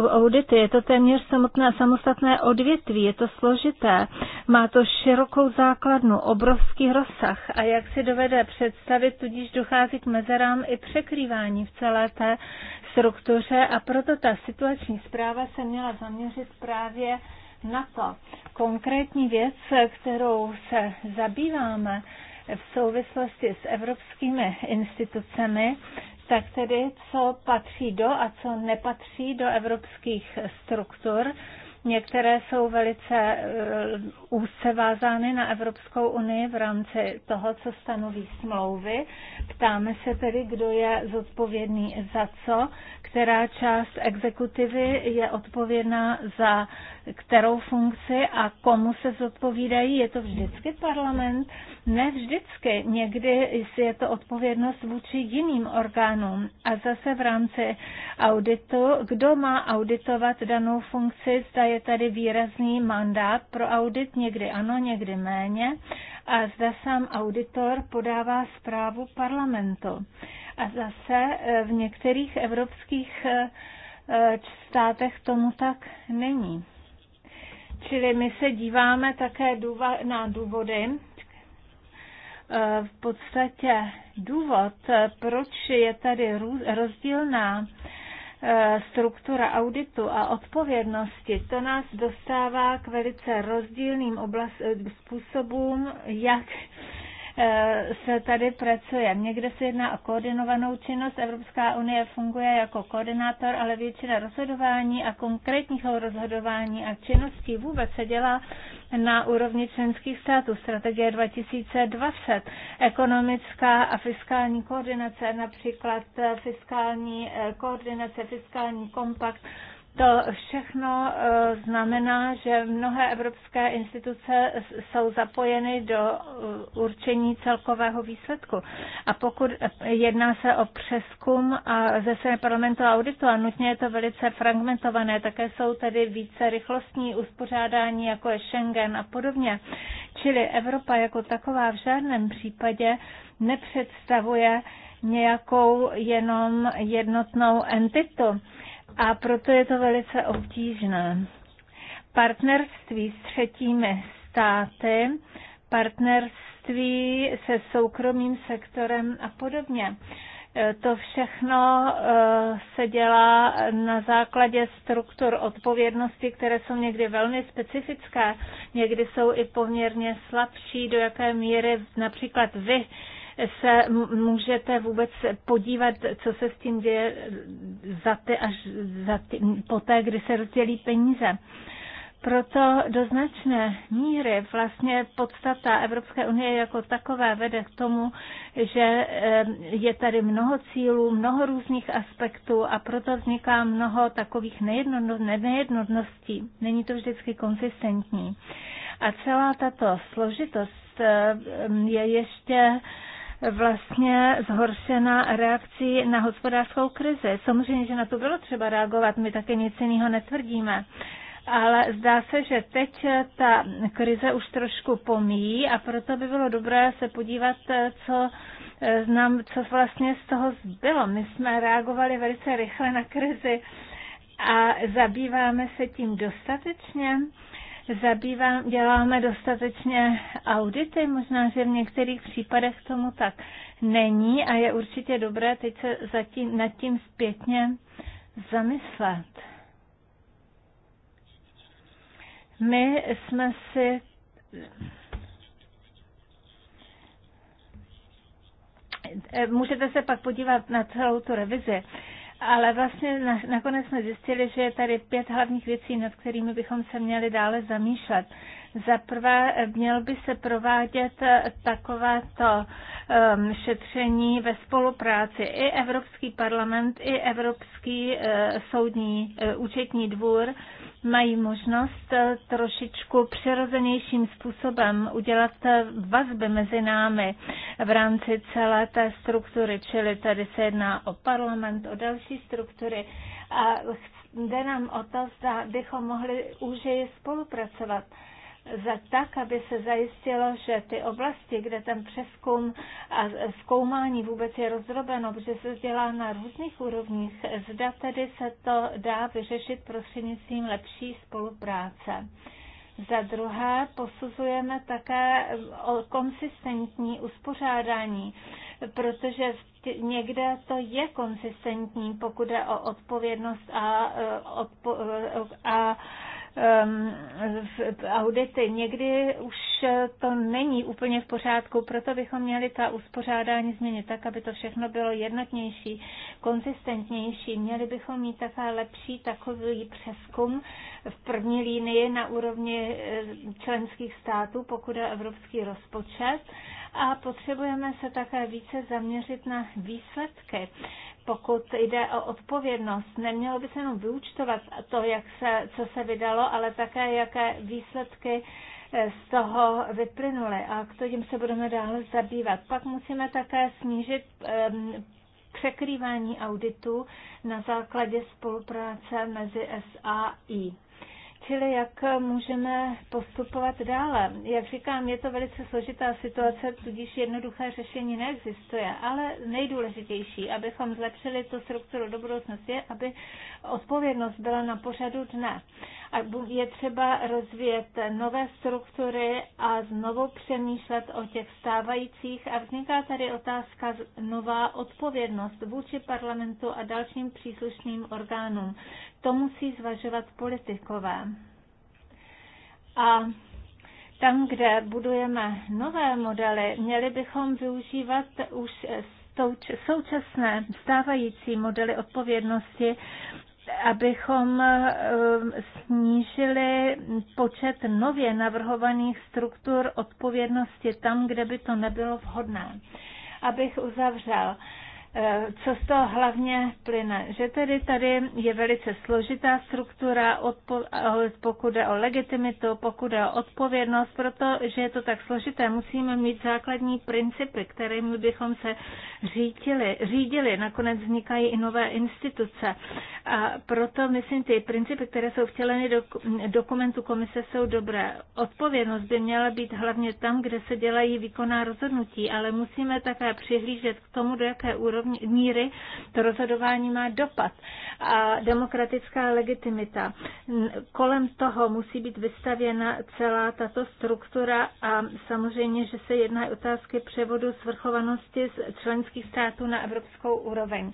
audity. Je to téměř samotné, samostatné odvětví, je to složité, má to širokou základnu, obrovský rozsah a jak si dovede představit, tudíž dochází k mezerám i překrývání v celé té struktuře a proto ta situační zpráva se měla zaměřit právě na to. Konkrétní věc, kterou se zabýváme, v souvislosti s evropskými institucemi tak tedy co patří do a co nepatří do evropských struktur. Některé jsou velice eh, úzce vázány na Evropskou unii v rámci toho, co stanoví smlouvy. Ptáme se tedy, kdo je zodpovědný za co, která část exekutivy je odpovědná za kterou funkci a komu se zodpovídají. Je to vždycky parlament? Ne vždycky. Někdy je to odpovědnost vůči jiným orgánům. A zase v rámci auditu, kdo má auditovat danou funkci, zda je tady výrazný mandát pro audit, někdy ano, někdy méně. A zda sám auditor podává zprávu parlamentu. A zase eh, v některých evropských eh, eh, státech tomu tak není. Čili my se díváme také na důvody. Eh, v podstatě důvod, eh, proč je tady rozdílná eh, struktura auditu a odpovědnosti, to nás dostává k velice rozdílným oblast, způsobům, jak Eh, se tady pracuje. Někde se jedná o koordinovanou činnost, Evropská unie funguje jako koordinátor, ale většina rozhodování a konkrétních rozhodování a činností vůbec se dělá na úrovni členských států. Strategie 2020, ekonomická a fiskální koordinace, například eh, fiskální eh, koordinace, fiskální kompakt to všechno e, znamená, že mnohé evropské instituce jsou zapojeny do e, určení celkového výsledku. A pokud jedná se o přeskum a ze své parlamentu auditu, a nutně je to velice fragmentované, také jsou tedy více rychlostní uspořádání, jako je Schengen a podobně. Čili Evropa jako taková v žádném případě nepředstavuje nějakou jenom jednotnou entitu a proto je to velice obtížné. Partnerství s třetími státy, partnerství se soukromým sektorem a podobně. E, to všechno e, se dělá na základě struktur odpovědnosti, které jsou někdy velmi specifické, někdy jsou i poměrně slabší, do jaké míry například vy se můžete vůbec podívat, co se s tím děje za ty, až za ty, poté, kdy se rozdělí peníze. Proto do značné míry vlastně podstata Evropské unie jako takové vede k tomu, že eh, je tady mnoho cílů, mnoho různých aspektů a proto vzniká mnoho takových nejednotností. Není to vždycky konsistentní. A celá tato složitost eh, je ještě vlastně zhoršena reakcí na hospodářskou krizi. Samozřejmě, že na to bylo třeba reagovat, my také nic jiného netvrdíme ale zdá se, že teď ta krize už trošku pomíjí a proto by bylo dobré se podívat, co eh, nám, co vlastně z toho zbylo. My jsme reagovali velice rychle na krizi a zabýváme se tím dostatečně zabývám, děláme dostatečně audity. Možná, že v některých případech tomu tak není a je určitě dobré teď se zatím, nad tím zpětně zamyslet. My jsme si eh, můžete se pak podívat na celou tu revizi ale vlastně na, nakonec jsme zjistili, že je tady pět hlavních věcí, nad kterými bychom se měli dále zamýšlet. Za prvé měl by se provádět takovéto um, šetření ve spolupráci i Evropský parlament, i Evropský uh, soudní uh, účetní dvůr mají možnost uh, trošičku přirozenějším způsobem udělat vazby mezi námi v rámci celé té struktury, čili tady se jedná o parlament, o další struktury a jde nám o to, zda bychom mohli úžeji spolupracovat za tak, aby se zajistilo, že ty oblasti, kde ten přeskum a zkoumání vůbec je rozrobeno, protože se dělá na různých úrovních, zda tedy se to dá vyřešit prostřednictvím lepší spolupráce. Za druhé posuzujeme také konsistentní uspořádání, protože někde to je konsistentní, pokud je o odpovědnost a, e, odpo- e, a Ehm, v audity. Někdy už to není úplně v pořádku, proto bychom měli ta uspořádání změnit tak, aby to všechno bylo jednotnější, konzistentnější. Měli bychom mít takový lepší takový přeskum v první línii na úrovni eh, členských států, pokud je evropský rozpočet. A potřebujeme se také více zaměřit na výsledky pokud jde o odpovědnost, nemělo by se jenom vyúčtovat to, jak se, co se vydalo, ale také jaké výsledky eh, z toho vyplynuly a k tím se budeme dále zabývat. Pak musíme také snížit ehm, překrývání auditů na základě spolupráce mezi SAI. Čili jak můžeme postupovat dále. Jak říkám, je to velice složitá situace, tudíž jednoduché řešení neexistuje, ale nejdůležitější, abychom zlepšili tu strukturu do budoucnosti, je, aby odpovědnost byla na pořadu dne. A je třeba rozvíjet nové struktury a znovu přemýšlet o těch stávajících a vzniká tady otázka nová odpovědnost vůči parlamentu a dalším příslušným orgánům to musí zvažovat politikové. A tam, kde budujeme nové modely, měli bychom využívat už současné stávající modely odpovědnosti, abychom um, snížili počet nově navrhovaných struktur odpovědnosti tam, kde by to nebylo vhodné. Abych uzavřel, Eh, co z toho hlavně plyne? Že tedy tady je velice složitá struktura, eh, pokud jde o legitimitu, pokud jde o odpovědnost, protože je to tak složité, musíme mít základní principy, kterými bychom se řídili. řídili. Nakonec vznikají i nové instituce. A proto, myslím, ty principy, které jsou vtěleny do dokumentu komise, jsou dobré. Odpovědnost by měla být hlavně tam, kde se dělají výkonná rozhodnutí, ale musíme také přihlížet k tomu, do jaké úrovně míry to rozhodování má dopad a demokratická legitimita. Kolem toho musí být vystavěna celá tato struktura a samozřejmě, že se jedná i otázky převodu svrchovanosti z členských států na evropskou úroveň.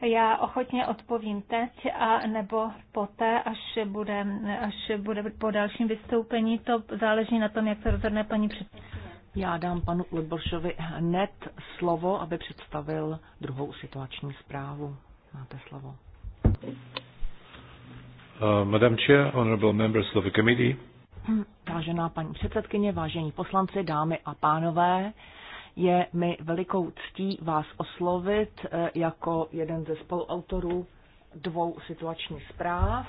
Já ochotně odpovím teď a nebo poté, až bude, až bude po dalším vystoupení. To záleží na tom, jak se rozhodne paní předsedkyně.
Já dám panu Ludboršovi hned slovo, aby představil druhou situační zprávu. Máte
slovo. Uh, Madam Chair, honorable members of the committee.
Hmm, vážená paní předsedkyně, vážení poslanci, dámy a pánové, je mi velikou ctí vás oslovit eh, jako jeden ze spoluautorů dvou situačních zpráv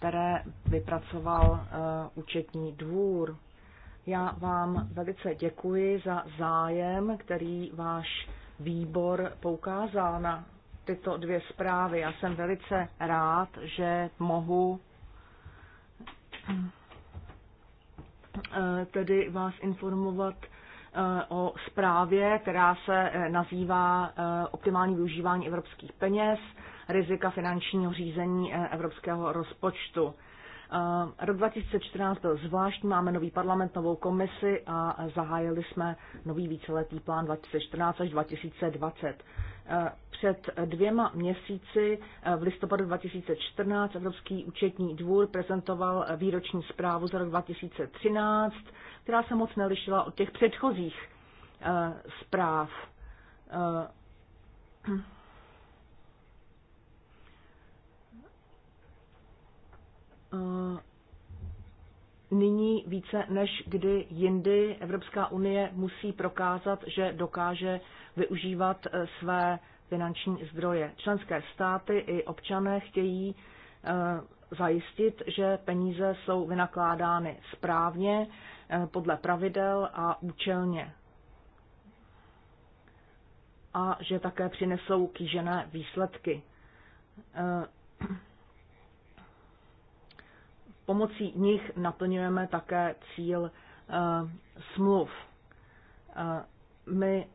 které vypracoval eh, účetní dvůr. Já vám velice děkuji za zájem, který váš výbor poukázal na tyto dvě zprávy. Já jsem velice rád, že mohu eh, tedy vás informovat eh, o zprávě, která se nazývá Optimální využívání evropských peněz rizika finančního řízení eh, evropského rozpočtu. Eh, rok 2014 byl zvláštní, máme nový parlament, novou komisi a eh, zahájili jsme nový víceletý plán 2014 až 2020. Před dvěma měsíci v listopadu 2014 Evropský účetní dvůr prezentoval výroční zprávu za rok 2013, která se moc nelišila od těch předchozích zpráv Eh, nyní více než kdy jindy Evropská unie musí prokázat, že dokáže využívat eh, své finanční zdroje. Členské státy i občané chtějí eh, zajistit, že peníze jsou vynakládány správně, podle pravidel a účelně. A že také přinesou kýžené výsledky pomocí nich naplňujeme také cíl uh, smluv. Uh, my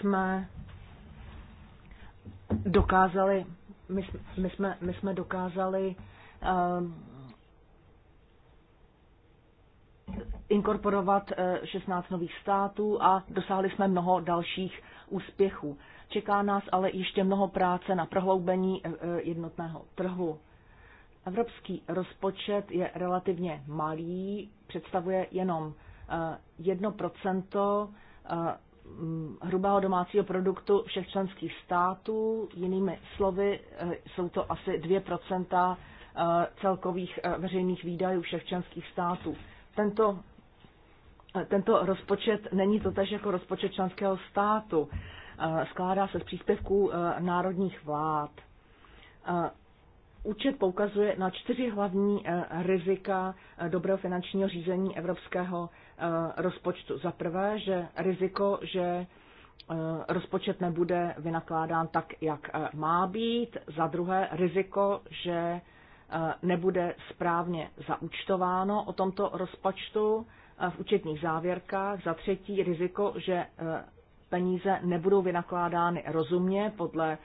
jsme dokázali, my, my, jsme, my jsme dokázali uh, inkorporovat 16 nových států a dosáhli jsme mnoho dalších úspěchů. Čeká nás ale ještě mnoho práce na prohloubení jednotného trhu. Evropský rozpočet je relativně malý, představuje jenom 1% eh, eh, hrubého domácího produktu všech členských států. Jinými slovy, eh, jsou to asi 2% celkových veřejných výdajů všech členských států. Tento, tento rozpočet není totež jako rozpočet členského státu. Skládá se z příspěvků národních vlád. Účet poukazuje na čtyři hlavní eh, rizika eh, dobrého finančního řízení evropského eh, rozpočtu. Za prvé, že riziko, že rozpočet nebude vynakládán tak, jak má být. Za druhé, riziko, že nebude správně zaúčtováno o tomto rozpočtu v účetních závěrkách. Za třetí, riziko, že peníze nebudou vynakládány rozumně podle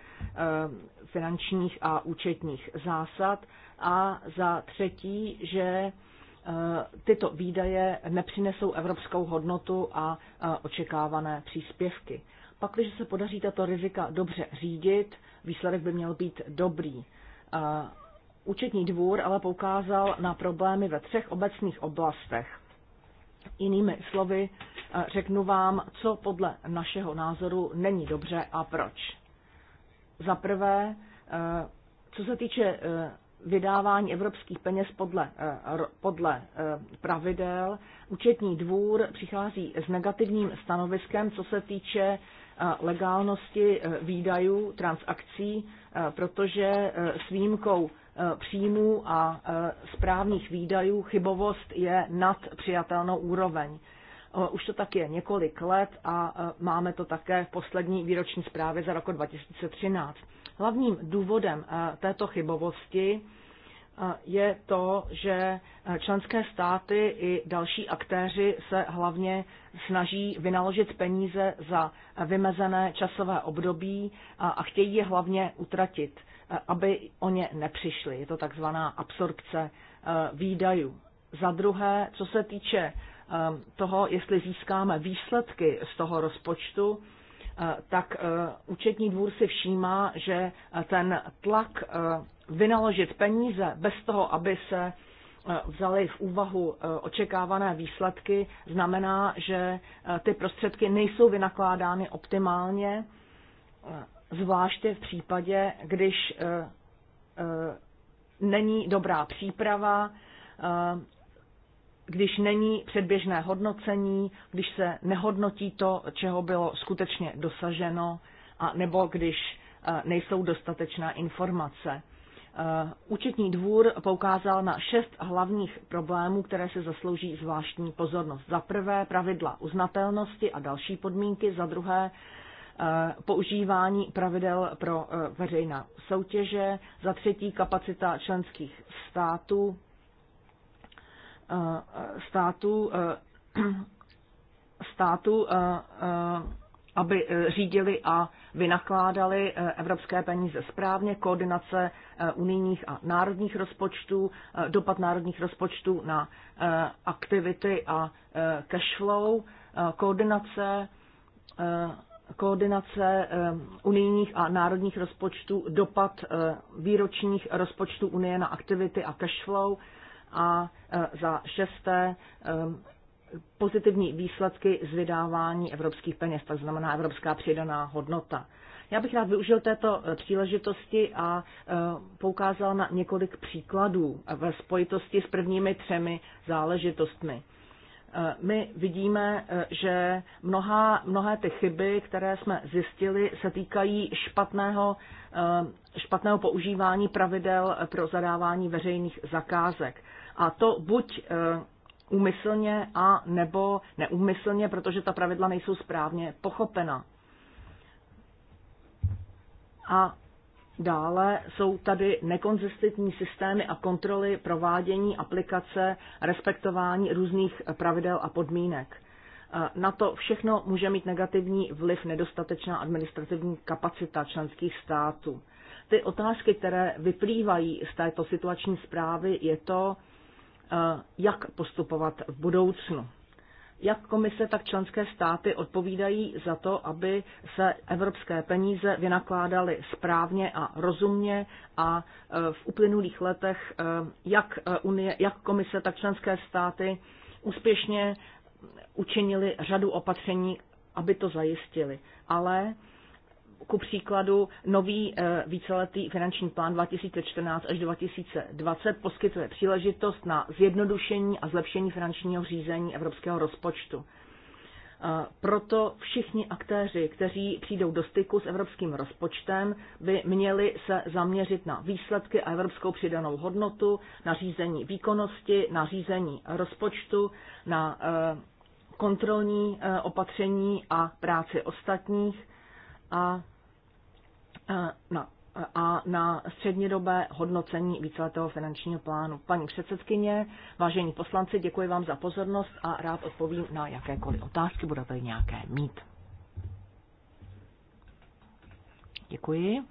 finančních a účetních zásad a za třetí, že eh, tyto výdaje nepřinesou evropskou hodnotu a eh, očekávané příspěvky. Pak, když se podaří tato rizika dobře řídit, výsledek by měl být dobrý. Eh, účetní dvůr ale poukázal na problémy ve třech obecných oblastech. Jinými slovy, řeknu vám, co podle našeho názoru není dobře a proč. Za prvé, Eh, co se týče eh, vydávání evropských peněz podle, eh, podle pravidel, účetní dvůr přichází s negativním stanoviskem, co se týče legálnosti výdajů transakcí, protože s výjimkou příjmů a správních výdajů chybovost je nad přijatelnou úroveň. Eh, už to tak je několik let a eh, máme to také v poslední výroční zprávě za rok 2013. Hlavním důvodem eh, této chybovosti je to, že členské státy i další aktéři se hlavně snaží vynaložit peníze za vymezené časové období a chtějí je hlavně utratit, aby o ně nepřišli. Je to takzvaná absorpce výdajů. Za druhé, co se týče Eh, toho, jestli získáme výsledky z toho rozpočtu, eh, tak eh, účetní dvůr si všímá, že ten tlak vynaložit peníze bez toho, aby se vzali v úvahu očekávané výsledky, znamená, že ty prostředky nejsou vynakládány optimálně, zvláště v případě, když není dobrá příprava když není předběžné hodnocení, když se nehodnotí to, čeho bylo skutečně dosaženo, a nebo když eh, nejsou dostatečná informace. Eh, účetní dvůr poukázal na šest hlavních problémů, které se zaslouží zvláštní pozornost. Za prvé pravidla uznatelnosti a další podmínky, za druhé eh, používání pravidel pro veřejná soutěže, za třetí kapacita členských států Eh, státu, eh, státu, eh, aby řídili a vynakládali evropské peníze správně, koordinace unijních a národních rozpočtů, dopad národních rozpočtů na aktivity a cash flow, koordinace, koordinace unijních a národních rozpočtů, dopad výročních rozpočtů Unie na aktivity a cash flow, a e, za šesté e, pozitivní výsledky z vydávání evropských peněz, to znamená evropská přidaná hodnota. Já bych rád využil této e, příležitosti a poukázal na několik příkladů ve spojitosti s prvními třemi záležitostmi. Eh, my vidíme, eh, že mnoha, mnohé ty chyby, které jsme zjistili, se týkají špatného, eh, špatného používání pravidel pro zadávání veřejných zakázek. A to buď úmyslně a nebo neúmyslně, protože ta pravidla nejsou správně pochopena. A Dále jsou tady nekonzistentní systémy a kontroly provádění aplikace, respektování různých pravidel a podmínek. Eh, na to všechno může mít negativní vliv nedostatečná administrativní kapacita členských států. Ty otázky, které vyplývají z této situační zprávy, je to, eh, jak postupovat v budoucnu jak komise, tak členské státy odpovídají za to, aby se evropské peníze vynakládaly správně a rozumně a e, v uplynulých letech e, jak, e, Unie, jak komise, tak členské státy úspěšně učinili řadu opatření, aby to zajistili. Ale ku příkladu nový eh, víceletý finanční plán 2014 až 2020 poskytuje příležitost na zjednodušení a zlepšení finančního řízení evropského rozpočtu. Eh, proto všichni aktéři, kteří přijdou do styku s evropským rozpočtem, by měli se zaměřit na výsledky a evropskou přidanou hodnotu, na řízení výkonnosti, na řízení rozpočtu, na eh, kontrolní opatření a práci ostatních a na, no, a na střednědobé hodnocení víceletého finančního plánu. Paní předsedkyně, vážení poslanci, děkuji vám za pozornost a rád odpovím na jakékoliv otázky, budete nějaké mít. Děkuji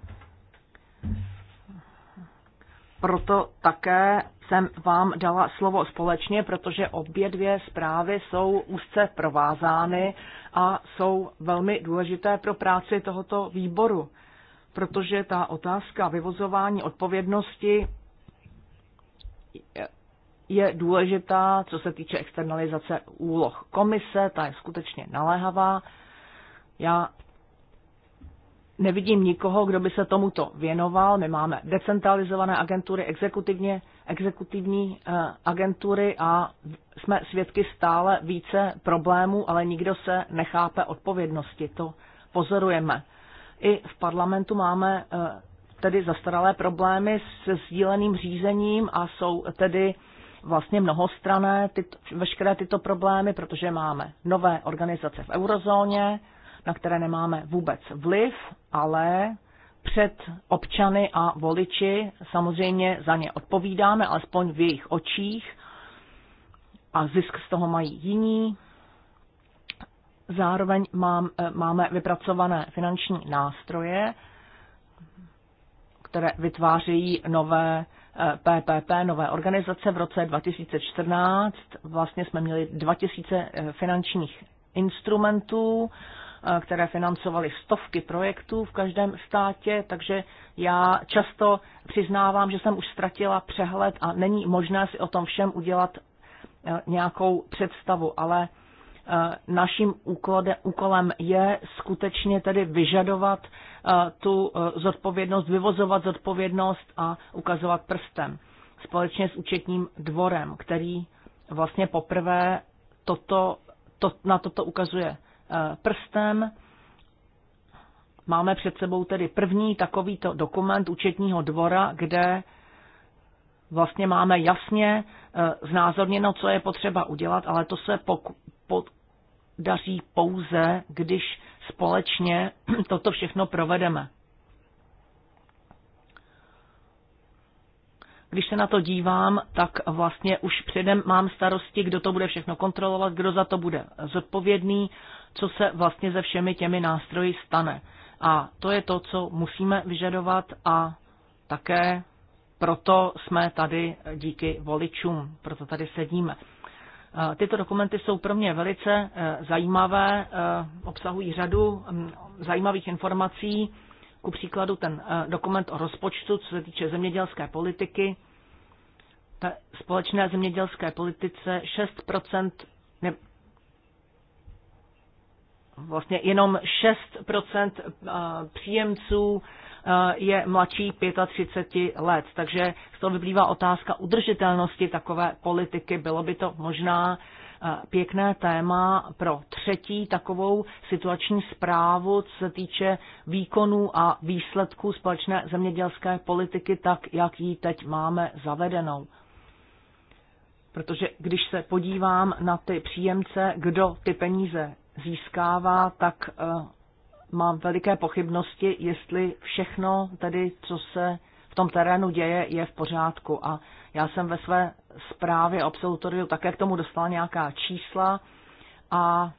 proto také jsem vám dala slovo společně, protože obě dvě zprávy jsou úzce provázány a jsou velmi důležité pro práci tohoto výboru, protože ta otázka vyvozování odpovědnosti je důležitá, co se týče externalizace úloh komise, ta je skutečně naléhavá. Já nevidím nikoho, kdo by se tomuto věnoval. My máme decentralizované agentury, exekutivně, exekutivní eh, agentury a jsme svědky stále více problémů, ale nikdo se nechápe odpovědnosti. To pozorujeme. I v parlamentu máme eh, tedy zastaralé problémy se sdíleným řízením a jsou tedy vlastně mnohostrané ty, veškeré tyto problémy, protože máme nové organizace v eurozóně, na které nemáme vůbec vliv, ale před občany a voliči samozřejmě za ně odpovídáme, alespoň v jejich očích, a zisk z toho mají jiní. Zároveň mám, eh, máme vypracované finanční nástroje, které vytvářejí nové PPP, eh, nové organizace. V roce 2014 vlastně jsme měli 2000 eh, finančních instrumentů Eh, které financovaly stovky projektů v každém státě, takže já často přiznávám, že jsem už ztratila přehled a není možné si o tom všem udělat eh, nějakou představu, ale eh, naším úkolem je skutečně tedy vyžadovat tu zodpovědnost, vyvozovat zodpovědnost a ukazovat prstem společně s účetním dvorem, který vlastně poprvé toto, to, na toto ukazuje Eh, prstem. Máme před sebou tedy první takovýto dokument účetního dvora, kde vlastně máme jasně eh, znázorněno, co je potřeba udělat, ale to se podaří pouze, když společně toto všechno provedeme. když se na to dívám, tak vlastně už předem mám starosti, kdo to bude všechno kontrolovat, kdo za to bude zodpovědný, co se vlastně se všemi těmi nástroji stane. A to je to, co musíme vyžadovat a také proto jsme tady díky voličům, proto tady sedíme. E, tyto dokumenty jsou pro mě velice e, zajímavé, e, obsahují řadu zajímavých informací, ku příkladu ten dokument o rozpočtu, co se týče zemědělské politiky, ta společné zemědělské politice 6% vlastně jenom 6% eh, příjemců eh, je mladší 35 let. Takže z toho vyplývá otázka udržitelnosti takové politiky. Bylo by to možná eh, pěkné téma pro třetí takovou situační zprávu, co se týče výkonů a výsledků společné zemědělské politiky, tak jak ji teď máme zavedenou. Protože když se podívám na ty příjemce, kdo ty peníze získává, tak eh, mám veliké pochybnosti, jestli všechno tedy, co se v tom terénu děje, je v pořádku. A já jsem ve své zprávě absolutoriu také k tomu dostala nějaká čísla a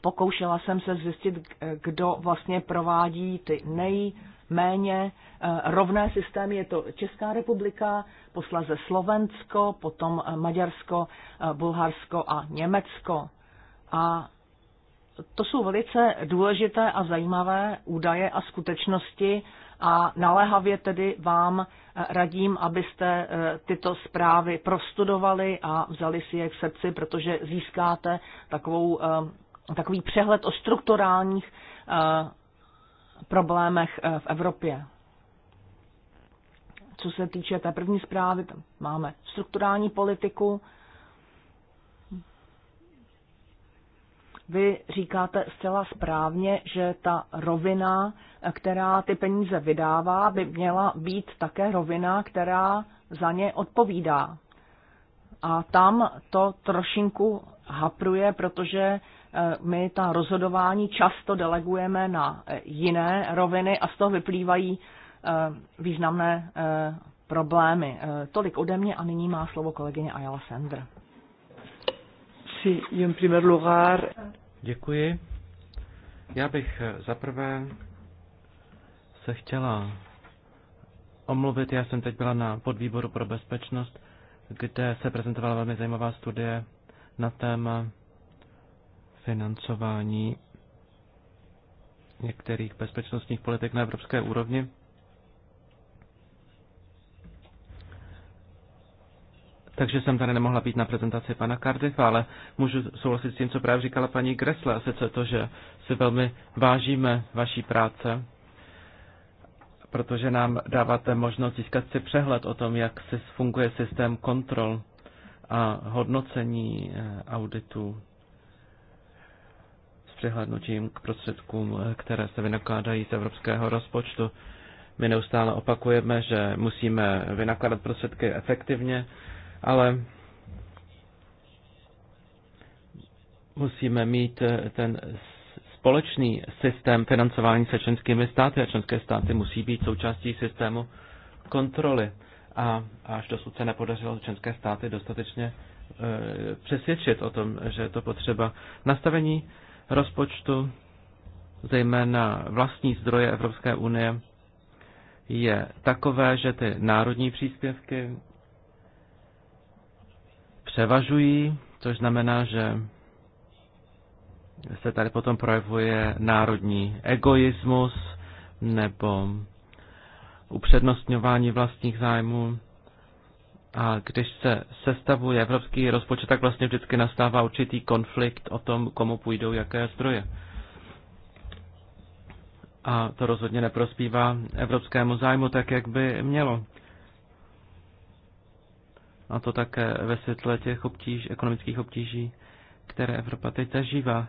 pokoušela jsem se zjistit, kdo vlastně provádí ty nejméně eh, rovné systémy. Je to Česká republika, posleze Slovensko, potom eh, Maďarsko, Bulharsko a Německo. A to jsou velice důležité a zajímavé údaje a skutečnosti a naléhavě tedy vám eh, radím, abyste eh, tyto zprávy prostudovali a vzali si je k srdci, protože získáte takovou, eh, takový přehled o strukturálních problémech v Evropě. Co se týče té první zprávy, tam máme strukturální politiku, Vy říkáte zcela správně, že ta rovina, která ty peníze vydává, by měla být také rovina, která za ně odpovídá. A tam to trošinku hapruje, protože e, my ta rozhodování často delegujeme na e, jiné roviny a z toho vyplývají e, významné problémy. Tolik ode mě a nyní má slovo kolegyně Ayala Sender
en primer lugar... Děkuji. Já bych eh, zaprvé se chtěla omluvit. Já jsem teď byla na podvýboru pro bezpečnost, kde se prezentovala velmi zajímavá studie na téma financování některých bezpečnostních politik na evropské úrovni. takže jsem tady nemohla být na prezentaci pana Cardiffa, ale můžu souhlasit s tím, co právě říkala paní Gressle, a sice to, že si velmi vážíme vaší práce, protože nám dáváte možnost získat si přehled o tom, jak si funguje systém kontrol a hodnocení eh, auditů s přihlednutím k prostředkům, eh, které se vynakládají z evropského rozpočtu. My neustále opakujeme, že musíme vynakládat prostředky efektivně, ale musíme mít eh, ten společný systém financování se členskými státy a členské státy musí být součástí systému kontroly. A až dosud se nepodařilo členské státy dostatečně e, přesvědčit o tom, že je to potřeba. Nastavení rozpočtu, zejména vlastní zdroje Evropské unie, je takové, že ty národní příspěvky převažují, což znamená, že se tady potom projevuje národní egoismus nebo upřednostňování vlastních zájmů. A když se sestavuje evropský rozpočet, tak vlastně vždycky nastává určitý konflikt o tom, komu půjdou jaké zdroje. A to rozhodně neprospívá evropskému zájmu tak, jak by mělo. A to také ve světle těch obtíž, ekonomických obtíží, které Evropa teď zažívá.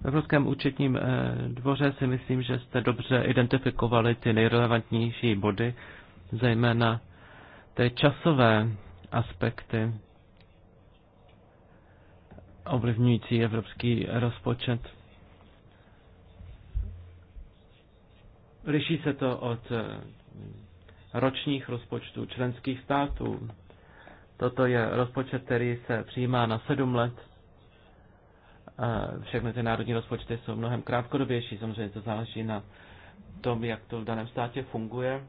V Evropském účetním eh, dvoře si myslím, že jste dobře identifikovali ty nejrelevantnější body, zejména ty časové aspekty ovlivňující evropský rozpočet. Liší se to od eh, ročních rozpočtů členských států. Toto je rozpočet, který se přijímá na sedm let. Všechny ty národní rozpočty jsou mnohem krátkodobější, samozřejmě to záleží na tom, jak to v daném státě funguje,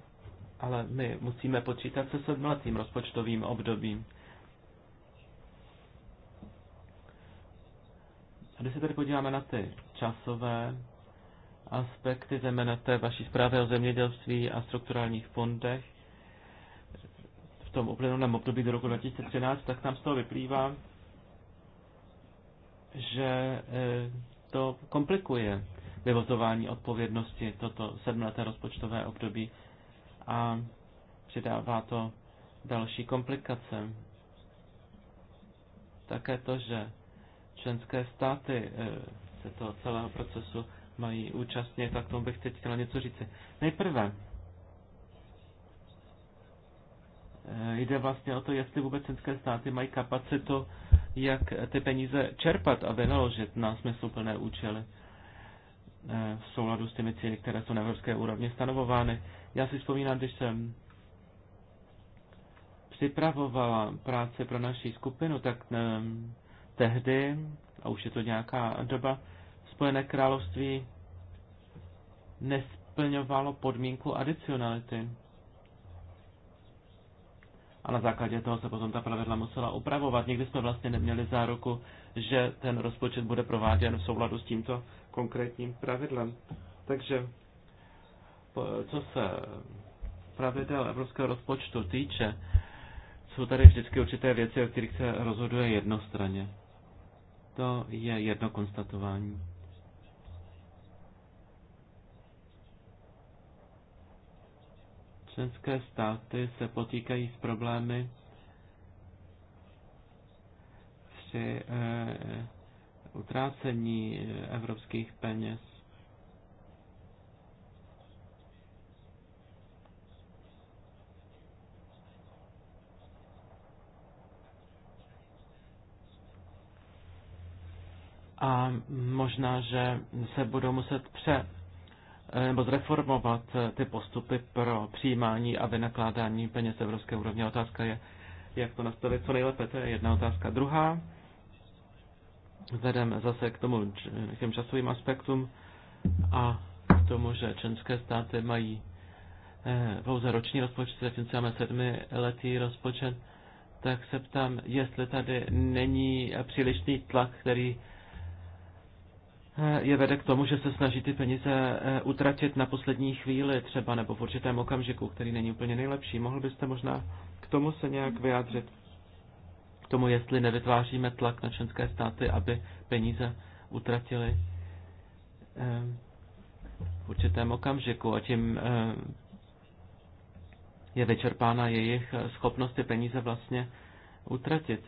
ale my musíme počítat se sedmletým rozpočtovým obdobím. A když se tady podíváme na ty časové aspekty, zejména té vaší zprávy o zemědělství a strukturálních fondech v tom uplynulém období do roku 2013, tak tam z toho vyplývá, že e, to komplikuje vyvozování odpovědnosti toto sedmleté rozpočtové období a přidává to další komplikace. Také to, že členské státy e, se toho celého procesu mají účastně tak tomu bych teď chtěla něco říct. Nejprve eh, jde vlastně o to, jestli vůbec členské státy mají kapacitu, jak ty peníze čerpat a vynaložit na smysluplné účely eh, v souladu s těmi cíly, které jsou na evropské úrovni stanovovány. Já si vzpomínám, když jsem připravovala práci pro naší skupinu, tak eh, tehdy, a už je to nějaká doba, Spojené království nesplňovalo podmínku adicionality. A na základě toho se potom ta pravidla musela upravovat. Nikdy jsme vlastně neměli záruku, že ten rozpočet bude prováděn v souladu s tímto konkrétním pravidlem. Takže co se pravidel evropského rozpočtu týče, jsou tady vždycky určité věci, o kterých se rozhoduje jednostranně. To je jedno konstatování. Členské státy se potýkají s problémy při e, utrácení eh, evropských peněz. A možná, že se budou muset pře Eh, nebo zreformovat eh, ty postupy pro přijímání a vynakládání peněz evropské úrovně. Otázka je, jak to nastavit co nejlépe, to je jedna otázka. Druhá, vzhledem zase k tomu k těm časovým aspektům a k tomu, že členské státy mají eh, pouze roční rozpočet, zatímco máme letý rozpočet, tak se ptám, jestli tady není přílišný tlak, který je vede k tomu, že se snaží ty peníze eh, utratit na poslední chvíli třeba nebo v určitém okamžiku, který není úplně nejlepší. Mohl byste možná k tomu se nějak vyjádřit? K tomu, jestli nevytváříme tlak na členské státy, aby peníze utratili eh, v určitém okamžiku a tím eh, je vyčerpána jejich schopnost ty peníze vlastně utratit.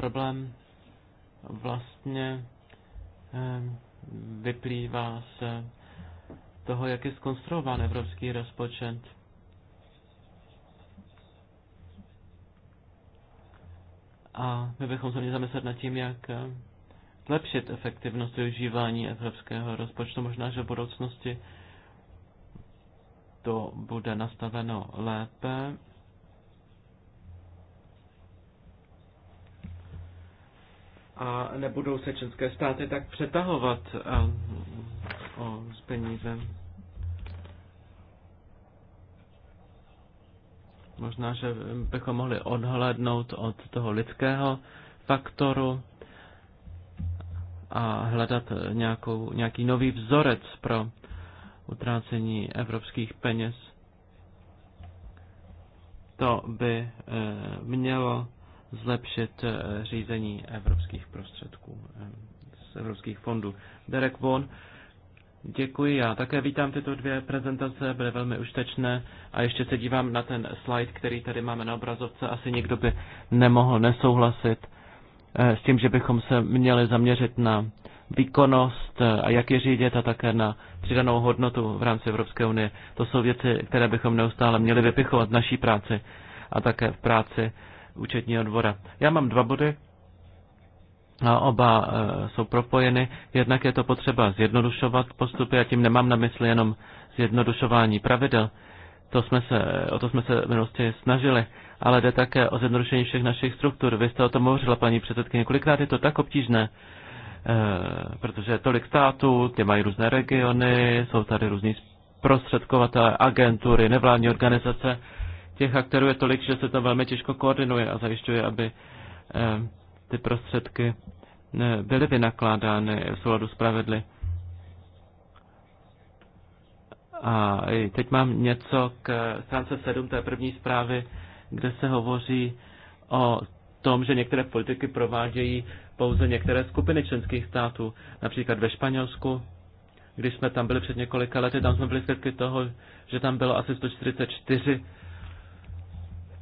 problém vlastně eh, vyplývá z toho, jak je skonstruován evropský rozpočet. A my bychom se měli zamyslet nad tím, jak eh, zlepšit efektivnost využívání evropského rozpočtu. Možná, že v budoucnosti to bude nastaveno lépe. a nebudou se české státy tak přetahovat o penízem. Možná, že bychom mohli odhlednout od toho lidského faktoru a hledat nějakou, nějaký nový vzorec pro utrácení evropských peněz. To by e, mělo zlepšit eh, řízení evropských prostředků eh, z evropských fondů. Derek Von, děkuji. Já také vítám tyto dvě prezentace, byly velmi užtečné. A ještě se dívám na ten slide, který tady máme na obrazovce. Asi nikdo by nemohl nesouhlasit eh, s tím, že bychom se měli zaměřit na výkonnost a jak je řídit a také na přidanou hodnotu v rámci Evropské unie. To jsou věci, které bychom neustále měli vypichovat v naší práci a také v práci účetního dvora. Já mám dva body, a oba e, jsou propojeny. Jednak je to potřeba zjednodušovat postupy a tím nemám na mysli jenom zjednodušování pravidel. To jsme se, o to jsme se v minulosti snažili, ale jde také o zjednodušení všech našich struktur. Vy jste o tom hovořila, paní předsedkyně, kolikrát je to tak obtížné, e, protože je tolik států, ty mají různé regiony, jsou tady různí prostředkovatelé, agentury, nevládní organizace těch aktérů je tolik, že se to velmi těžko koordinuje a zajišťuje, aby eh, ty prostředky eh, byly vynakládány v souladu s pravidly. A teď mám něco k eh, stránce 7 té první zprávy, kde se hovoří o tom, že některé politiky provádějí pouze některé skupiny členských států. Například ve Španělsku, když jsme tam byli před několika lety, tam jsme byli svědky toho, že tam bylo asi 144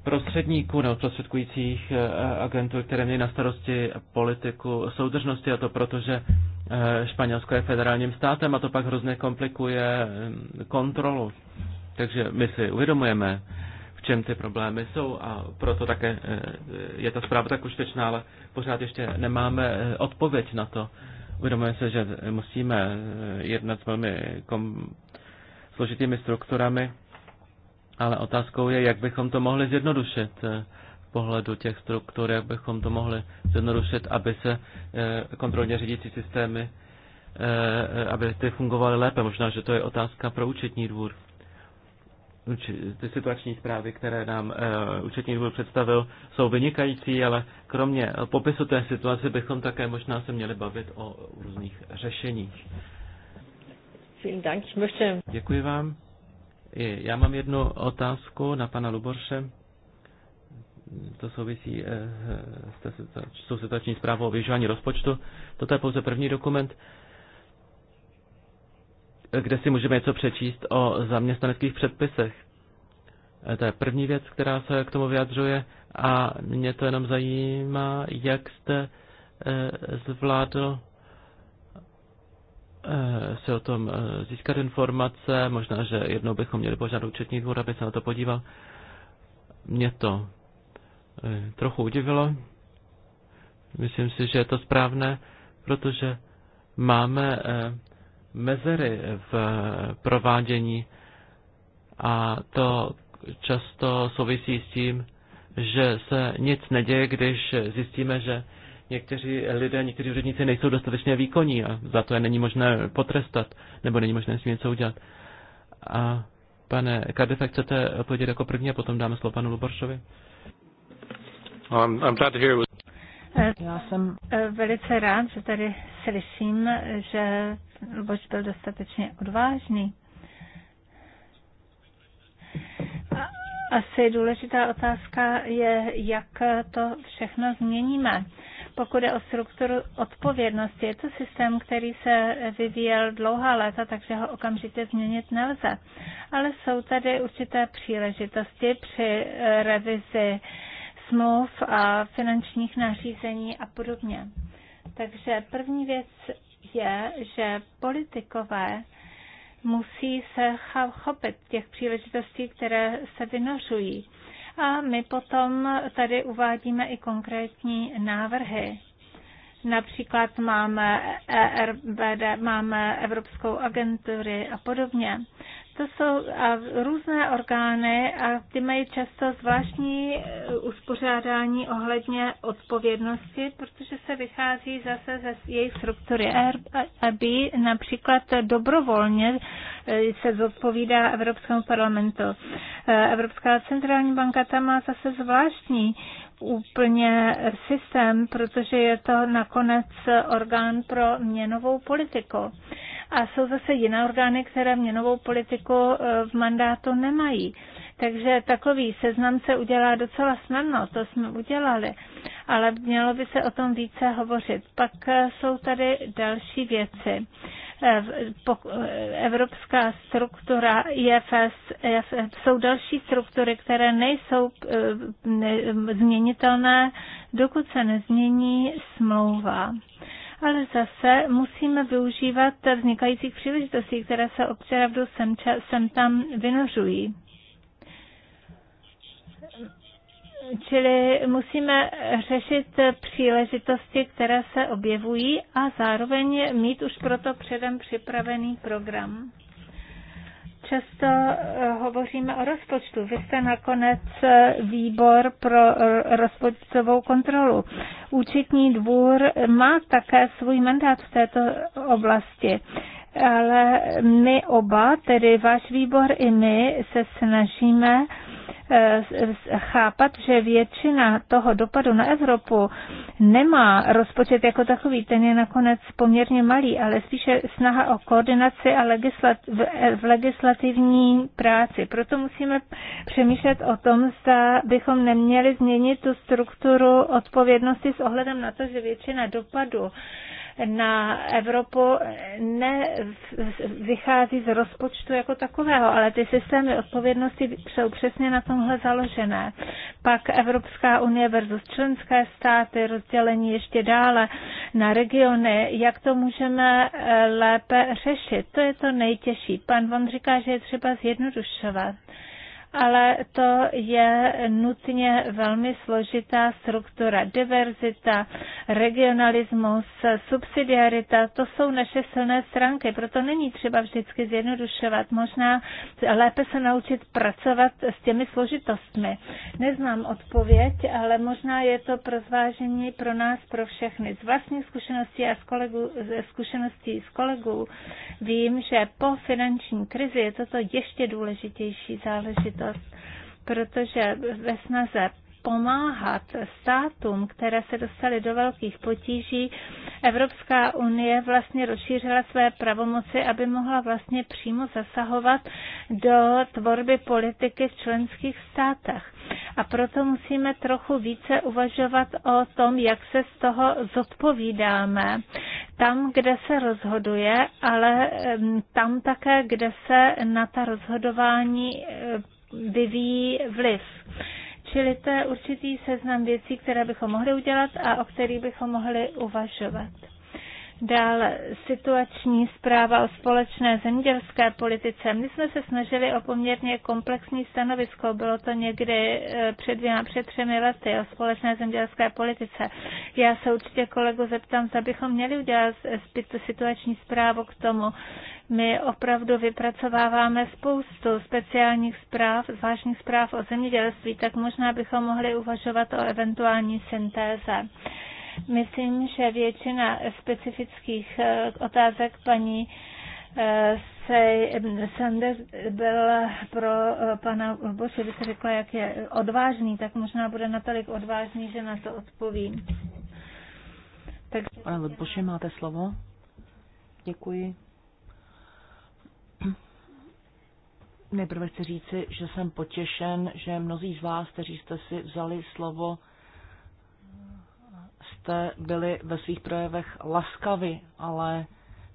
prostředníků nebo prostředkujících eh, agentů, které měly na starosti politiku soudržnosti, a to proto, že eh, Španělsko je federálním státem a to pak hrozně komplikuje mm, kontrolu. Takže my si uvědomujeme, v čem ty problémy jsou a proto také eh, je ta zpráva tak užitečná, ale pořád ještě nemáme odpověď na to. Uvědomujeme se, že musíme jednat s velmi kom... složitými strukturami ale otázkou je, jak bychom to mohli zjednodušit v eh, pohledu těch struktur, jak bychom to mohli zjednodušit, aby se eh, kontrolně řídící systémy, eh, aby ty fungovaly lépe. Možná, že to je otázka pro účetní dvůr. Ty situační zprávy, které nám účetní dvůr představil, jsou vynikající, ale kromě popisu té situace bychom také možná se měli bavit o různých řešeních. Děkuji vám. Já mám jednu otázku na pana Luborše. To souvisí s tou situační zprávou o využívání rozpočtu. Toto je pouze první dokument, kde si můžeme něco přečíst o zaměstnaneckých předpisech. To je první věc, která se k tomu vyjadřuje a mě to jenom zajímá, jak jste zvládl Eh, se o tom eh, získat informace. Možná, že jednou bychom měli požádat účetní dvůr, aby se na to podíval. Mě to eh, trochu udivilo. Myslím si, že je to správné, protože máme mezery v provádění a to často souvisí s tím, že se nic neděje, když zjistíme, že někteří lidé, někteří úředníci nejsou dostatečně výkonní a za to je není možné potrestat, nebo není možné s tím něco udělat. A pane Kardefe, chcete odpovědět jako první a potom dáme slovo panu Luboršovi?
Eh, já jsem eh, velice rád, že tady slyším, že Luboš byl dostatečně odvážný. Asi důležitá otázka je, jak to všechno změníme. Pokud je o strukturu odpovědnosti, je to systém, který se vyvíjel dlouhá léta, takže ho okamžitě změnit nelze. Ale jsou tady určité příležitosti při eh, revizi smluv a finančních nařízení a podobně. Takže první věc je, že politikové musí se chopit těch příležitostí, které se vynořují. A my potom tady uvádíme i konkrétní návrhy. Například máme ERBD, máme Evropskou agentury a podobně. To jsou a různé orgány a ty mají často zvláštní eh, uspořádání ohledně odpovědnosti, protože se vychází zase ze jejich struktury. Aby, například dobrovolně eh, se zodpovídá Evropskému parlamentu. Eh, Evropská centrální banka tam má zase zvláštní úplně systém, protože je to nakonec orgán pro měnovou politiku a jsou zase jiné orgány, které měnovou politiku e, v mandátu nemají. Takže takový seznam se udělá docela snadno, to jsme udělali, ale mělo by se o tom více hovořit. Pak e, jsou tady další věci. E, evropská struktura IFS, jsou další struktury, které nejsou změnitelné, dokud se nezmění smlouva ale zase musíme využívat vznikajících příležitostí, které se opravdu sem, sem tam vynožují. Čili musíme řešit příležitosti, které se objevují a zároveň mít už proto předem připravený program často eh, hovoříme o rozpočtu. Vy jste nakonec eh, výbor pro eh, rozpočtovou kontrolu. Účetní dvůr má také svůj mandát v této oblasti ale my oba, tedy váš výbor i my, se snažíme Eh, chápat, že většina toho dopadu na Evropu nemá rozpočet jako takový, ten je nakonec poměrně malý, ale spíše snaha o koordinaci a legislat, v eh, legislativní práci. Proto musíme přemýšlet o tom, zda bychom neměli změnit tu strukturu odpovědnosti s ohledem na to, že většina dopadu na Evropu nevychází z rozpočtu jako takového, ale ty systémy odpovědnosti jsou přesně na tomhle založené. Pak Evropská unie versus členské státy, rozdělení ještě dále na regiony, jak to můžeme eh, lépe řešit. To je to nejtěžší. Pan vám říká, že je třeba zjednodušovat ale to je nutně velmi složitá struktura. Diverzita, regionalismus, subsidiarita, to jsou naše silné stránky, proto není třeba vždycky zjednodušovat. Možná lépe se naučit pracovat s těmi složitostmi. Neznám odpověď, ale možná je to pro zvážení pro nás, pro všechny. Z vlastní zkušeností a z kolegu, ze zkušeností z kolegů vím, že po finanční krizi je toto ještě důležitější záležitost příležitost, protože ve snaze pomáhat státům, které se dostaly do velkých potíží, Evropská unie vlastně rozšířila své pravomoci, aby mohla vlastně přímo zasahovat do tvorby politiky v členských státech. A proto musíme trochu více uvažovat o tom, jak se z toho zodpovídáme. Tam, kde se rozhoduje, ale tam také, kde se na ta rozhodování vyvíjí vliv. Čili to je určitý seznam věcí, které bychom mohli udělat a o kterých bychom mohli uvažovat. Dál situační zpráva o společné zemědělské politice. My jsme se snažili o poměrně komplexní stanovisko. Bylo to někdy eh, před dvěma, před třemi lety o společné zemědělské politice. Já se určitě kolegu zeptám, zda bychom měli udělat situační zprávu k tomu. My opravdu vypracováváme spoustu speciálních zpráv, zvláštních zpráv o zemědělství, tak možná bychom mohli uvažovat o eventuální syntéze. Myslím, že většina specifických eh, otázek paní eh, se Sanders byl pro eh, pana Boše, by se řekla, jak je odvážný, tak možná bude natolik odvážný, že na to odpovím. Takže...
Pane Lodboše, máte slovo? Děkuji. Nejprve chci říci, že jsem potěšen, že mnozí z vás, kteří jste si vzali slovo, jste byli ve svých projevech laskavi, ale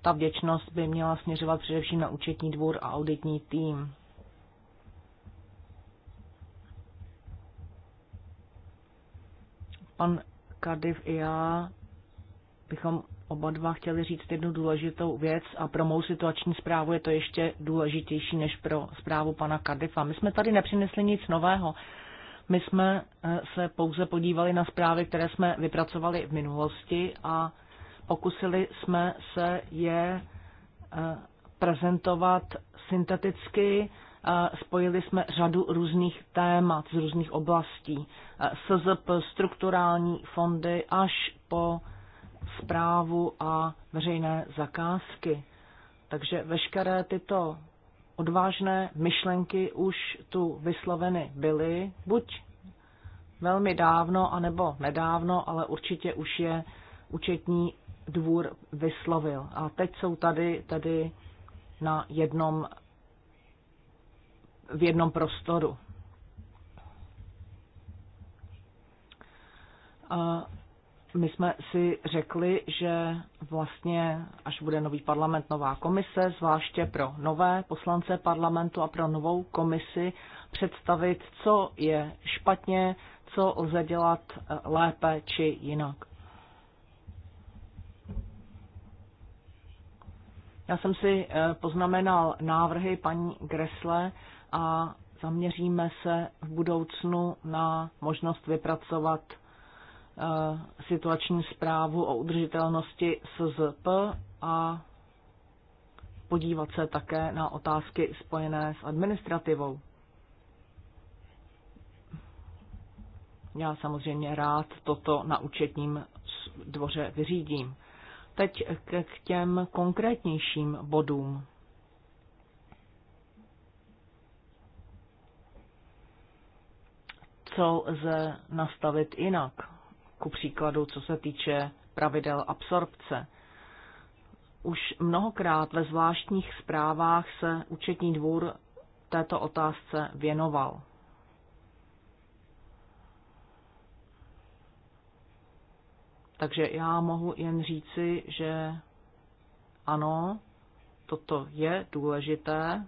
ta vděčnost by měla směřovat především na účetní dvůr a auditní tým. Pan Kadiv i já bychom oba dva chtěli říct jednu důležitou věc a pro mou situační zprávu je to ještě důležitější než pro zprávu pana Kadifa. My jsme tady nepřinesli nic nového. My jsme eh, se pouze podívali na zprávy, které jsme vypracovali v minulosti a pokusili jsme se je eh, prezentovat synteticky. Eh, spojili jsme řadu různých témat z různých oblastí. SZP, strukturální fondy až po zprávu a veřejné zakázky. Takže veškeré tyto odvážné myšlenky už tu vysloveny byly, buď velmi dávno, anebo nedávno, ale určitě už je účetní dvůr vyslovil. A teď jsou tady, tady na jednom, v jednom prostoru. My jsme si řekli, že vlastně, až bude nový parlament, nová komise, zvláště pro nové poslance parlamentu a pro novou komisi, představit, co je špatně, co lze dělat eh, lépe či jinak. Já jsem si eh, poznamenal návrhy paní Gresle a zaměříme se v budoucnu na možnost vypracovat Eh, situační zprávu o udržitelnosti SZP a podívat se také na otázky spojené s administrativou. Já samozřejmě rád toto na účetním dvoře vyřídím. Teď k těm konkrétnějším bodům. Co lze nastavit jinak? ku příkladu, co se týče pravidel absorpce. Už mnohokrát ve zvláštních zprávách se účetní dvůr této otázce věnoval. Takže já mohu jen říci, že ano, toto je důležité,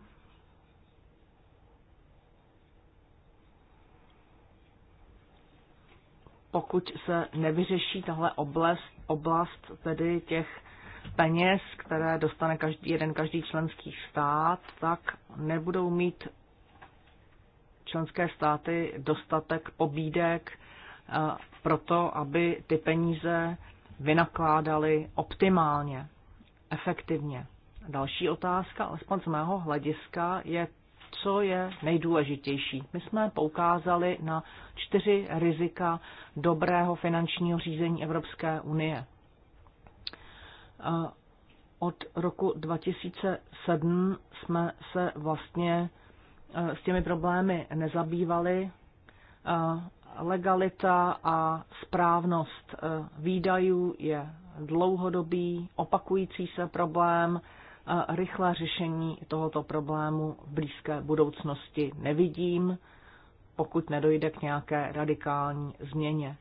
pokud se nevyřeší tahle oblast, oblast tedy těch peněz, které dostane každý, jeden každý členský stát, tak nebudou mít členské státy dostatek pobídek eh, pro to, aby ty peníze vynakládali optimálně, efektivně. Další otázka, alespoň z mého hlediska, je co je nejdůležitější. My jsme poukázali na čtyři rizika dobrého finančního řízení Evropské unie. Od roku 2007 jsme se vlastně s těmi problémy nezabývali. Legalita a správnost výdajů je dlouhodobý, opakující se problém rychlá řešení tohoto problému v blízké budoucnosti nevidím, pokud nedojde k nějaké radikální změně.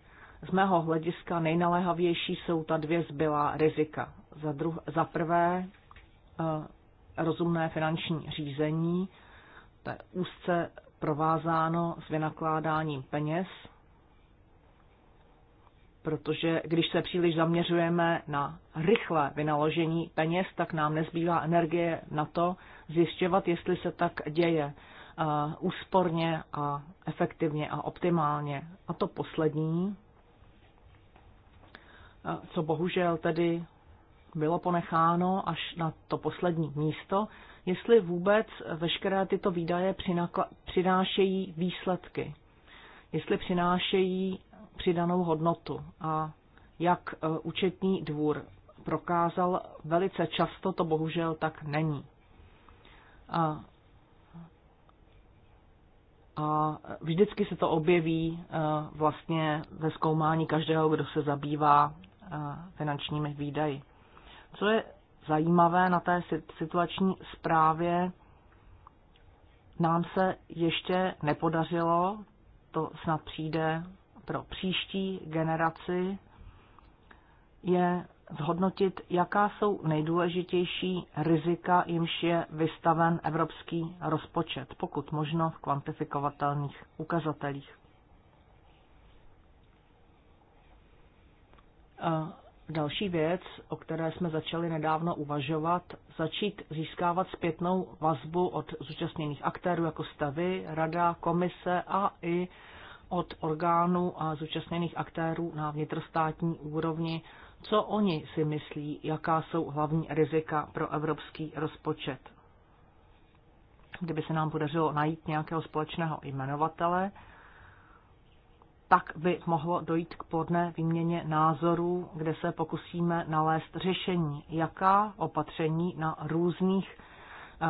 Z mého hlediska nejnaléhavější jsou ta dvě zbylá rizika. Za, druh- za prvé eh, rozumné finanční řízení, to je úzce provázáno s vynakládáním peněz protože když se příliš zaměřujeme na rychlé vynaložení peněz, tak nám nezbývá energie na to zjišťovat, jestli se tak děje eh, úsporně a efektivně a optimálně. A to poslední, eh, co bohužel tedy bylo ponecháno až na to poslední místo, jestli vůbec veškeré tyto výdaje přinášejí výsledky, jestli přinášejí přidanou hodnotu. A jak e, účetní dvůr prokázal, velice často to bohužel tak není. A, a vždycky se to objeví e, vlastně ve zkoumání každého, kdo se zabývá e, finančními výdaji. Co je zajímavé na té situační zprávě, nám se ještě nepodařilo, to snad přijde pro příští generaci je zhodnotit, jaká jsou nejdůležitější rizika, jimž je vystaven evropský rozpočet, pokud možno v kvantifikovatelných ukazatelích. A další věc, o které jsme začali nedávno uvažovat, začít získávat zpětnou vazbu od zúčastněných aktérů, jako jste vy, rada, komise a i od orgánů a zúčastněných aktérů na vnitrostátní úrovni, co oni si myslí, jaká jsou hlavní rizika pro evropský rozpočet. Kdyby se nám podařilo najít nějakého společného jmenovatele, tak by mohlo dojít k podné výměně názorů, kde se pokusíme nalézt řešení, jaká opatření na různých eh,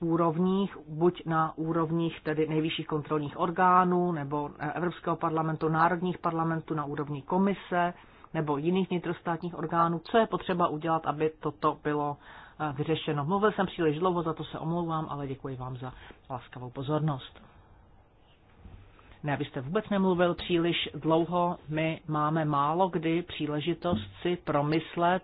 úrovních, buď na úrovních tedy nejvyšších kontrolních orgánů nebo eh, Evropského parlamentu, národních parlamentů, na úrovni komise nebo jiných vnitrostátních orgánů, co je potřeba udělat, aby toto bylo eh, vyřešeno. Mluvil jsem příliš dlouho, za to se omlouvám, ale děkuji vám za laskavou pozornost. Ne, vy jste vůbec nemluvil příliš dlouho, my máme málo kdy příležitost si promyslet,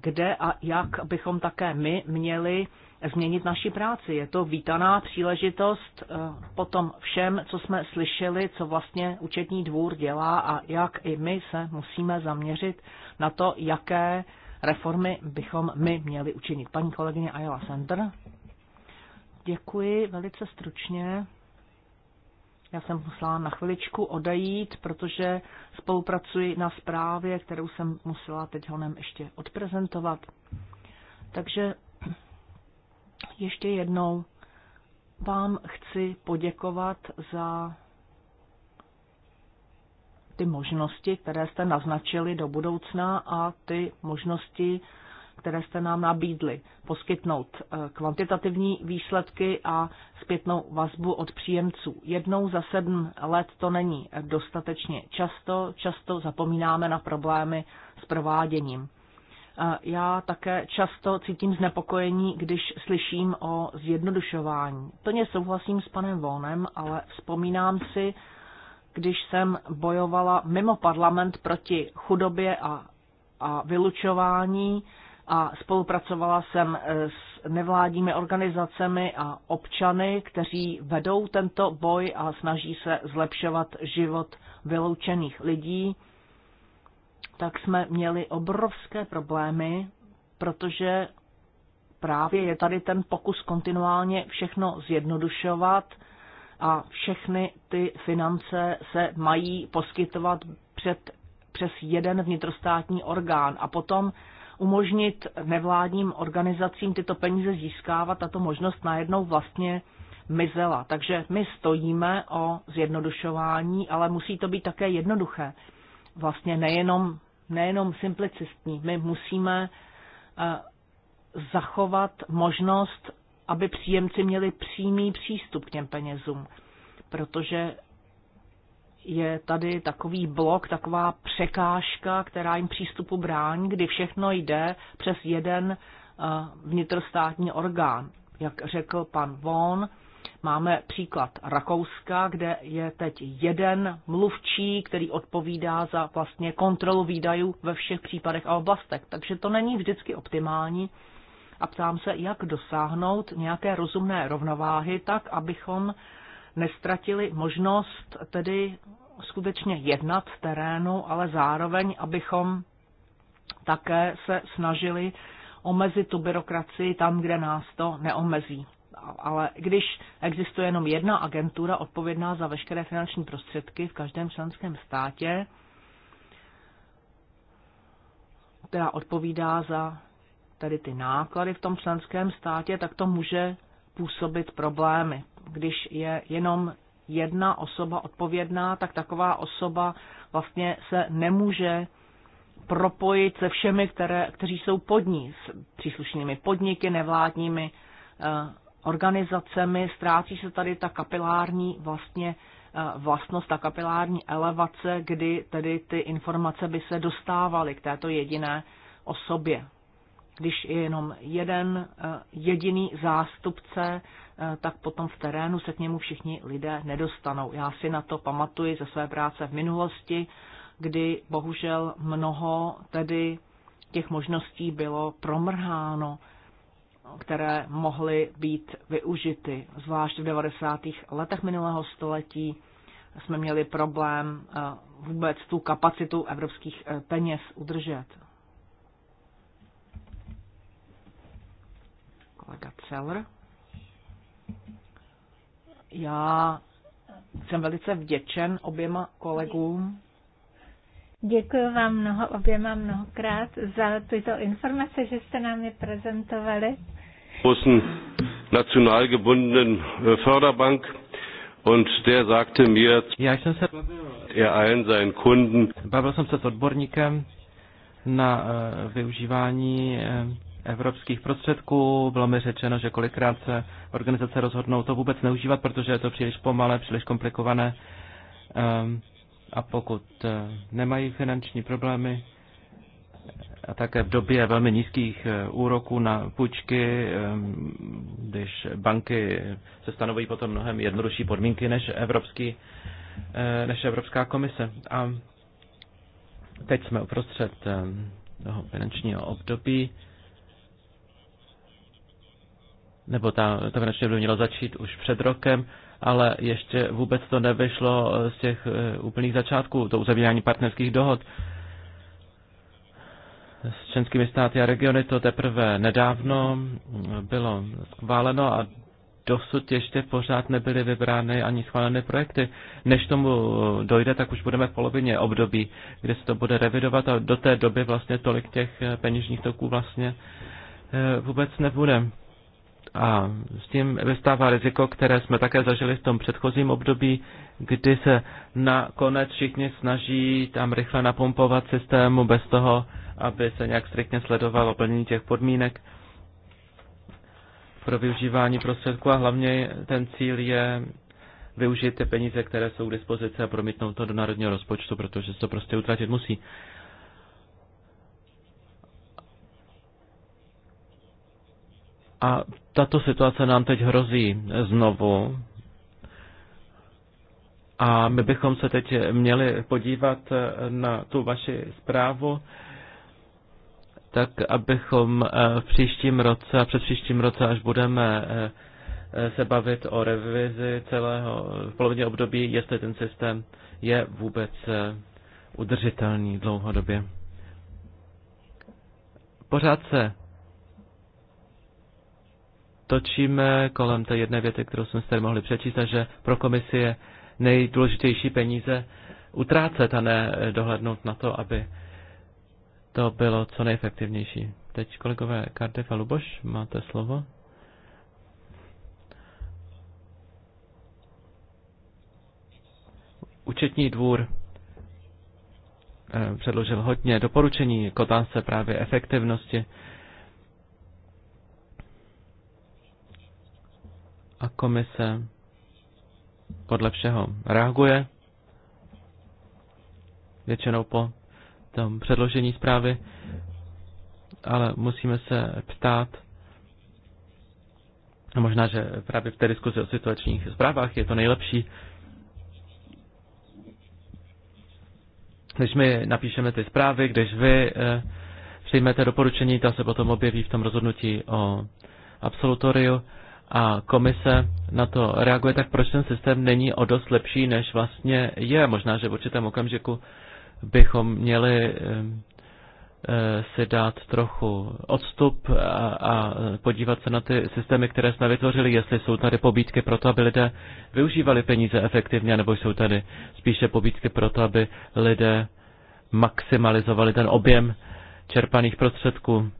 kde a jak bychom také my měli změnit naši práci. Je to vítaná příležitost eh, po tom všem, co jsme slyšeli, co vlastně účetní dvůr dělá a jak i my se musíme zaměřit na to, jaké reformy bychom my měli učinit. Paní kolegyně Ayala Sender. Děkuji velice stručně. Já jsem musela na chviličku odejít, protože spolupracuji na zprávě, kterou jsem musela teď honem ještě odprezentovat. Takže ještě jednou vám chci poděkovat za ty možnosti, které jste naznačili do budoucna a ty možnosti, které jste nám nabídli, poskytnout eh, kvantitativní výsledky a zpětnou vazbu od příjemců. Jednou za sedm let to není dostatečně často, často zapomínáme na problémy s prováděním. Já také často cítím znepokojení, když slyším o zjednodušování. Plně souhlasím s panem Vonem, ale vzpomínám si, když jsem bojovala mimo parlament proti chudobě a, a vylučování a spolupracovala jsem eh, s nevládními organizacemi a občany, kteří vedou tento boj a snaží se zlepšovat život vyloučených lidí tak jsme měli obrovské problémy, protože právě je tady ten pokus kontinuálně všechno zjednodušovat a všechny ty finance se mají poskytovat před, přes jeden vnitrostátní orgán a potom umožnit nevládním organizacím tyto peníze získávat, tato možnost najednou vlastně mizela. Takže my stojíme o zjednodušování, ale musí to být také jednoduché. Vlastně nejenom nejenom simplicistní. My musíme eh, zachovat možnost, aby příjemci měli přímý přístup k těm penězům, protože je tady takový blok, taková překážka, která jim přístupu brání, kdy všechno jde přes jeden eh, vnitrostátní orgán. Jak řekl pan Von, Máme příklad Rakouska, kde je teď jeden mluvčí, který odpovídá za vlastně kontrolu výdajů ve všech případech a oblastech. Takže to není vždycky optimální a ptám se, jak dosáhnout nějaké rozumné rovnováhy tak, abychom nestratili možnost tedy skutečně jednat v terénu, ale zároveň, abychom také se snažili omezit tu byrokracii tam, kde nás to neomezí ale když existuje jenom jedna agentura odpovědná za veškeré finanční prostředky v každém členském státě, která odpovídá za tady ty náklady v tom členském státě, tak to může působit problémy. Když je jenom jedna osoba odpovědná, tak taková osoba vlastně se nemůže propojit se všemi, které, kteří jsou pod ní, s příslušnými podniky, nevládními eh, organizacemi, ztrácí se tady ta kapilární vlastně eh, vlastnost, ta kapilární elevace, kdy tedy ty informace by se dostávaly k této jediné osobě. Když je jenom jeden eh, jediný zástupce, eh, tak potom v terénu se k němu všichni lidé nedostanou. Já si na to pamatuji ze své práce v minulosti, kdy bohužel mnoho tedy těch možností bylo promrháno které mohly být využity. Zvlášť v 90. letech minulého století jsme měli problém eh, vůbec tu kapacitu evropských eh, peněz udržet. Kolega Celer. Já jsem velice vděčen oběma kolegům.
Děkuji vám mnoho, oběma mnohokrát za tyto informace, že jste nám je prezentovali
großen
national gebundenen äh, Förderbank und der sagte mir,
ja, jsem se
er allen seinen Kunden.
Bavil jsem se s odborníkem na äh, využívání äh, evropských prostředků. Bylo mi řečeno, že kolikrát se organizace rozhodnou to vůbec neužívat, protože je to příliš pomalé, příliš komplikované. Ehm, a pokud nemají finanční problémy, a také v době velmi nízkých eh, úroků na půjčky, když banky se stanovují potom mnohem jednodušší podmínky než, evropský, eh, než Evropská komise. A teď jsme uprostřed toho finančního období, nebo ta, to finanční období mělo začít už před rokem, ale ještě vůbec to nevyšlo z těch eh, úplných začátků, to uzavírání partnerských dohod s členskými státy a regiony to teprve nedávno bylo schváleno a dosud ještě pořád nebyly vybrány ani schválené projekty. Než tomu dojde, tak už budeme v polovině období, kde se to bude revidovat a do té doby vlastně tolik těch peněžních toků vlastně eh, vůbec nebude. A s tím vystává riziko, které jsme také zažili v tom předchozím období, kdy se nakonec všichni snaží tam rychle napumpovat systému bez toho, aby se nějak striktně sledovalo plnění těch podmínek pro využívání prostředků a hlavně ten cíl je využít ty peníze, které jsou k dispozici a promítnout to do národního rozpočtu, protože se to prostě utratit musí. A tato situace nám teď hrozí znovu. A my bychom se teď měli podívat na tu vaši zprávu tak abychom eh, v příštím roce a před příštím roce, až budeme eh, eh, se bavit o revizi celého v polovině období, jestli ten systém je vůbec udržitelný dlouhodobě. Pořád se točíme kolem té jedné věty, kterou jsme si tady mohli přečíst, a že pro komisi je nejdůležitější peníze utrácet a ne dohlednout na to, aby to bylo co nejefektivnější. Teď kolegové Kardef a Luboš, máte slovo. Účetní dvůr eh, předložil hodně doporučení k otázce právě efektivnosti. A komise podle všeho reaguje, většinou po tom předložení zprávy, ale musíme se ptát, a možná, že právě v té diskuzi o situačních zprávách je to nejlepší, když my napíšeme ty zprávy, když vy eh, přijmete doporučení, ta se potom objeví v tom rozhodnutí o absolutoriu a komise na to reaguje, tak proč ten systém není o dost lepší, než vlastně je. Možná, že v určitém okamžiku bychom měli eh, eh, si dát trochu odstup a, a podívat se na ty systémy, které jsme vytvořili, jestli jsou tady pobídky pro to, aby lidé využívali peníze efektivně, nebo jsou tady spíše pobídky pro to, aby lidé maximalizovali ten objem čerpaných prostředků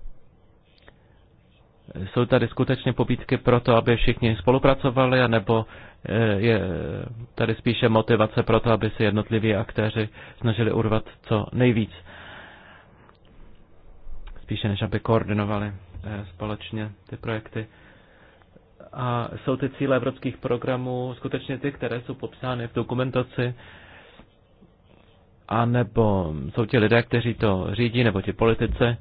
jsou tady skutečně pobídky pro to, aby všichni spolupracovali, anebo eh, je tady spíše motivace pro to, aby se jednotliví aktéři snažili urvat co nejvíc. Spíše než aby koordinovali eh, společně ty projekty. A jsou ty cíle evropských programů skutečně ty, které jsou popsány v dokumentaci, a nebo jsou ti lidé, kteří to řídí, nebo ti politice,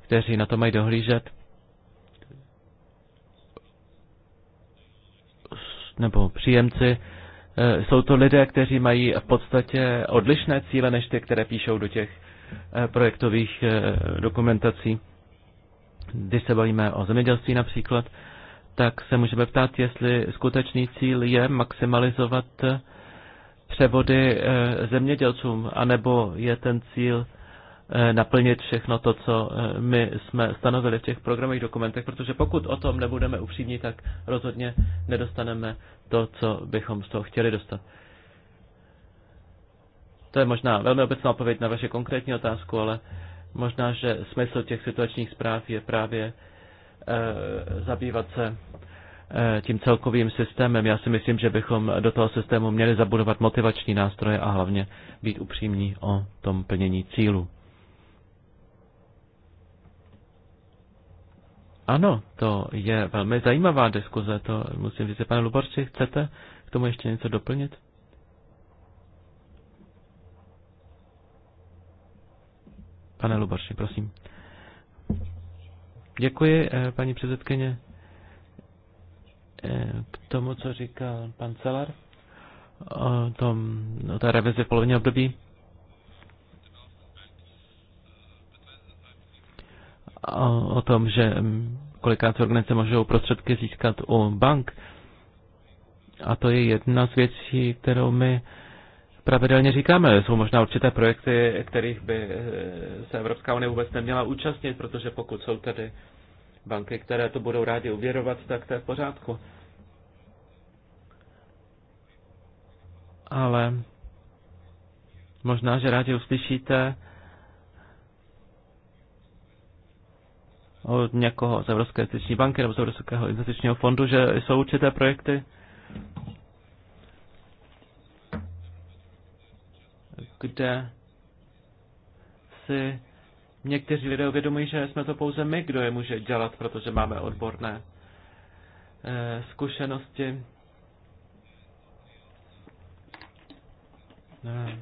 kteří na to mají dohlížet. nebo příjemci, eh, jsou to lidé, kteří mají v podstatě odlišné cíle než ty, které píšou do těch eh, projektových eh, dokumentací. Když se bavíme o zemědělství například, tak se můžeme ptát, jestli skutečný cíl je maximalizovat převody zemědělcům, anebo je ten cíl Eh, naplnit všechno to, co eh, my jsme stanovili v těch programových dokumentech, protože pokud o tom nebudeme upřímní, tak rozhodně nedostaneme to, co bychom z toho chtěli dostat. To je možná velmi obecná odpověď na vaše konkrétní otázku, ale možná, že smysl těch situačních zpráv je právě e, zabývat se e, tím celkovým systémem. Já si myslím, že bychom do toho systému měli zabudovat motivační nástroje a hlavně být upřímní o tom plnění cílů. Ano, to je velmi zajímavá diskuze, to musím říct, pane Luborči, chcete k tomu ještě něco doplnit? Pane Luborči, prosím. Děkuji, eh, paní předsedkyně, eh, k tomu, co říkal pan Celar o, tom, o té revizi v polovině období. o tom, že mm, kolikrát organizace můžou prostředky získat u bank. A to je jedna z věcí, kterou my pravidelně říkáme. Jsou možná určité projekty, kterých by eh, se Evropská unie vůbec neměla účastnit, protože pokud jsou tady banky, které to budou rádi uvěrovat, tak to je v pořádku. Ale možná, že rádi uslyšíte od někoho z Evropské investiční banky nebo z Evropského investičního fondu, že jsou určité projekty, kde si někteří lidé uvědomují, že jsme to pouze my, kdo je může dělat, protože máme odborné eh, zkušenosti. Eh,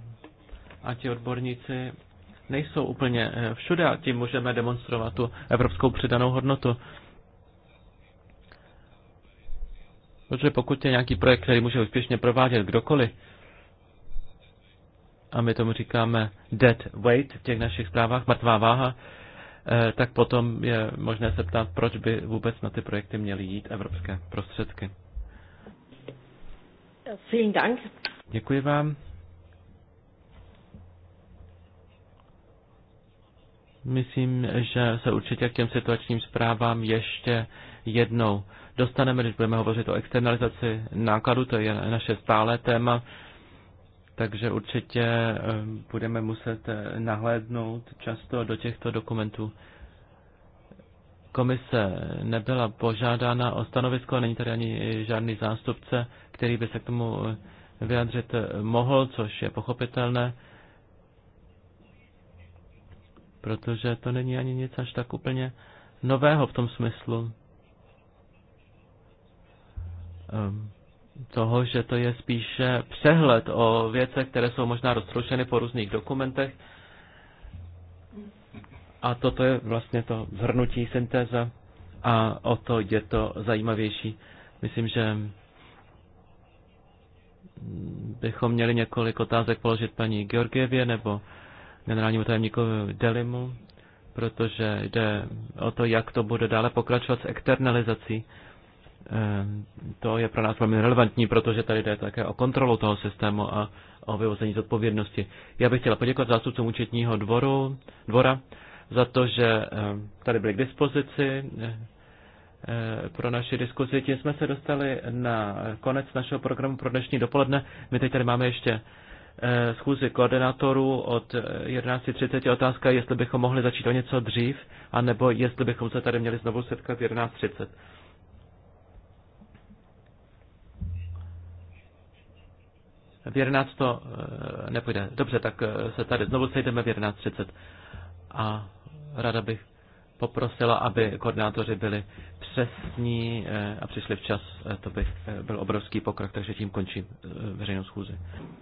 a ti odborníci nejsou úplně eh, všude a tím můžeme demonstrovat tu evropskou přidanou hodnotu. Protože pokud je nějaký projekt, který může úspěšně provádět kdokoliv, a my tomu říkáme dead weight v těch našich zprávách, mrtvá váha, eh, tak potom je možné se ptát, proč by vůbec na ty projekty měly jít evropské prostředky. Vielen Dank. Děkuji vám. Myslím, že se určitě k těm situačním zprávám ještě jednou dostaneme, když budeme hovořit o externalizaci nákladu, to je naše stále téma, takže určitě eh, budeme muset eh, nahlédnout často do těchto dokumentů. Komise nebyla požádána o stanovisko, není tady ani žádný zástupce, který by se k tomu eh, vyjádřit mohl, což je pochopitelné protože to není ani nic až tak úplně nového v tom smyslu ehm, toho, že to je spíše přehled o věcech, které jsou možná roztroušeny po různých dokumentech. A toto je vlastně to zhrnutí syntéza a o to je to zajímavější. Myslím, že bychom měli několik otázek položit paní Georgievě nebo generálnímu tajemníkovi Delimu, protože jde o to, jak to bude dále pokračovat s externalizací. Ehm, to je pro nás velmi relevantní, protože tady jde také o kontrolu toho systému a o vyvození zodpovědnosti. Já bych chtěla poděkovat zástupcům účetního dvoru, dvora za to, že ehm, tady byli k dispozici ehm, pro naši diskuzi. Tím jsme se dostali na konec našeho programu pro dnešní dopoledne. My teď tady máme ještě Eh, schůzi koordinátorů od 11.30 otázka, jestli bychom mohli začít o něco dřív, anebo jestli bychom se tady měli znovu setkat v 11.30. V 11 to eh, nepůjde. Dobře, tak eh, se tady znovu sejdeme v 11.30. A ráda bych poprosila, aby koordinátoři byli přesní a přišli včas. To by byl obrovský pokrok, takže tím končím veřejnou schůzi.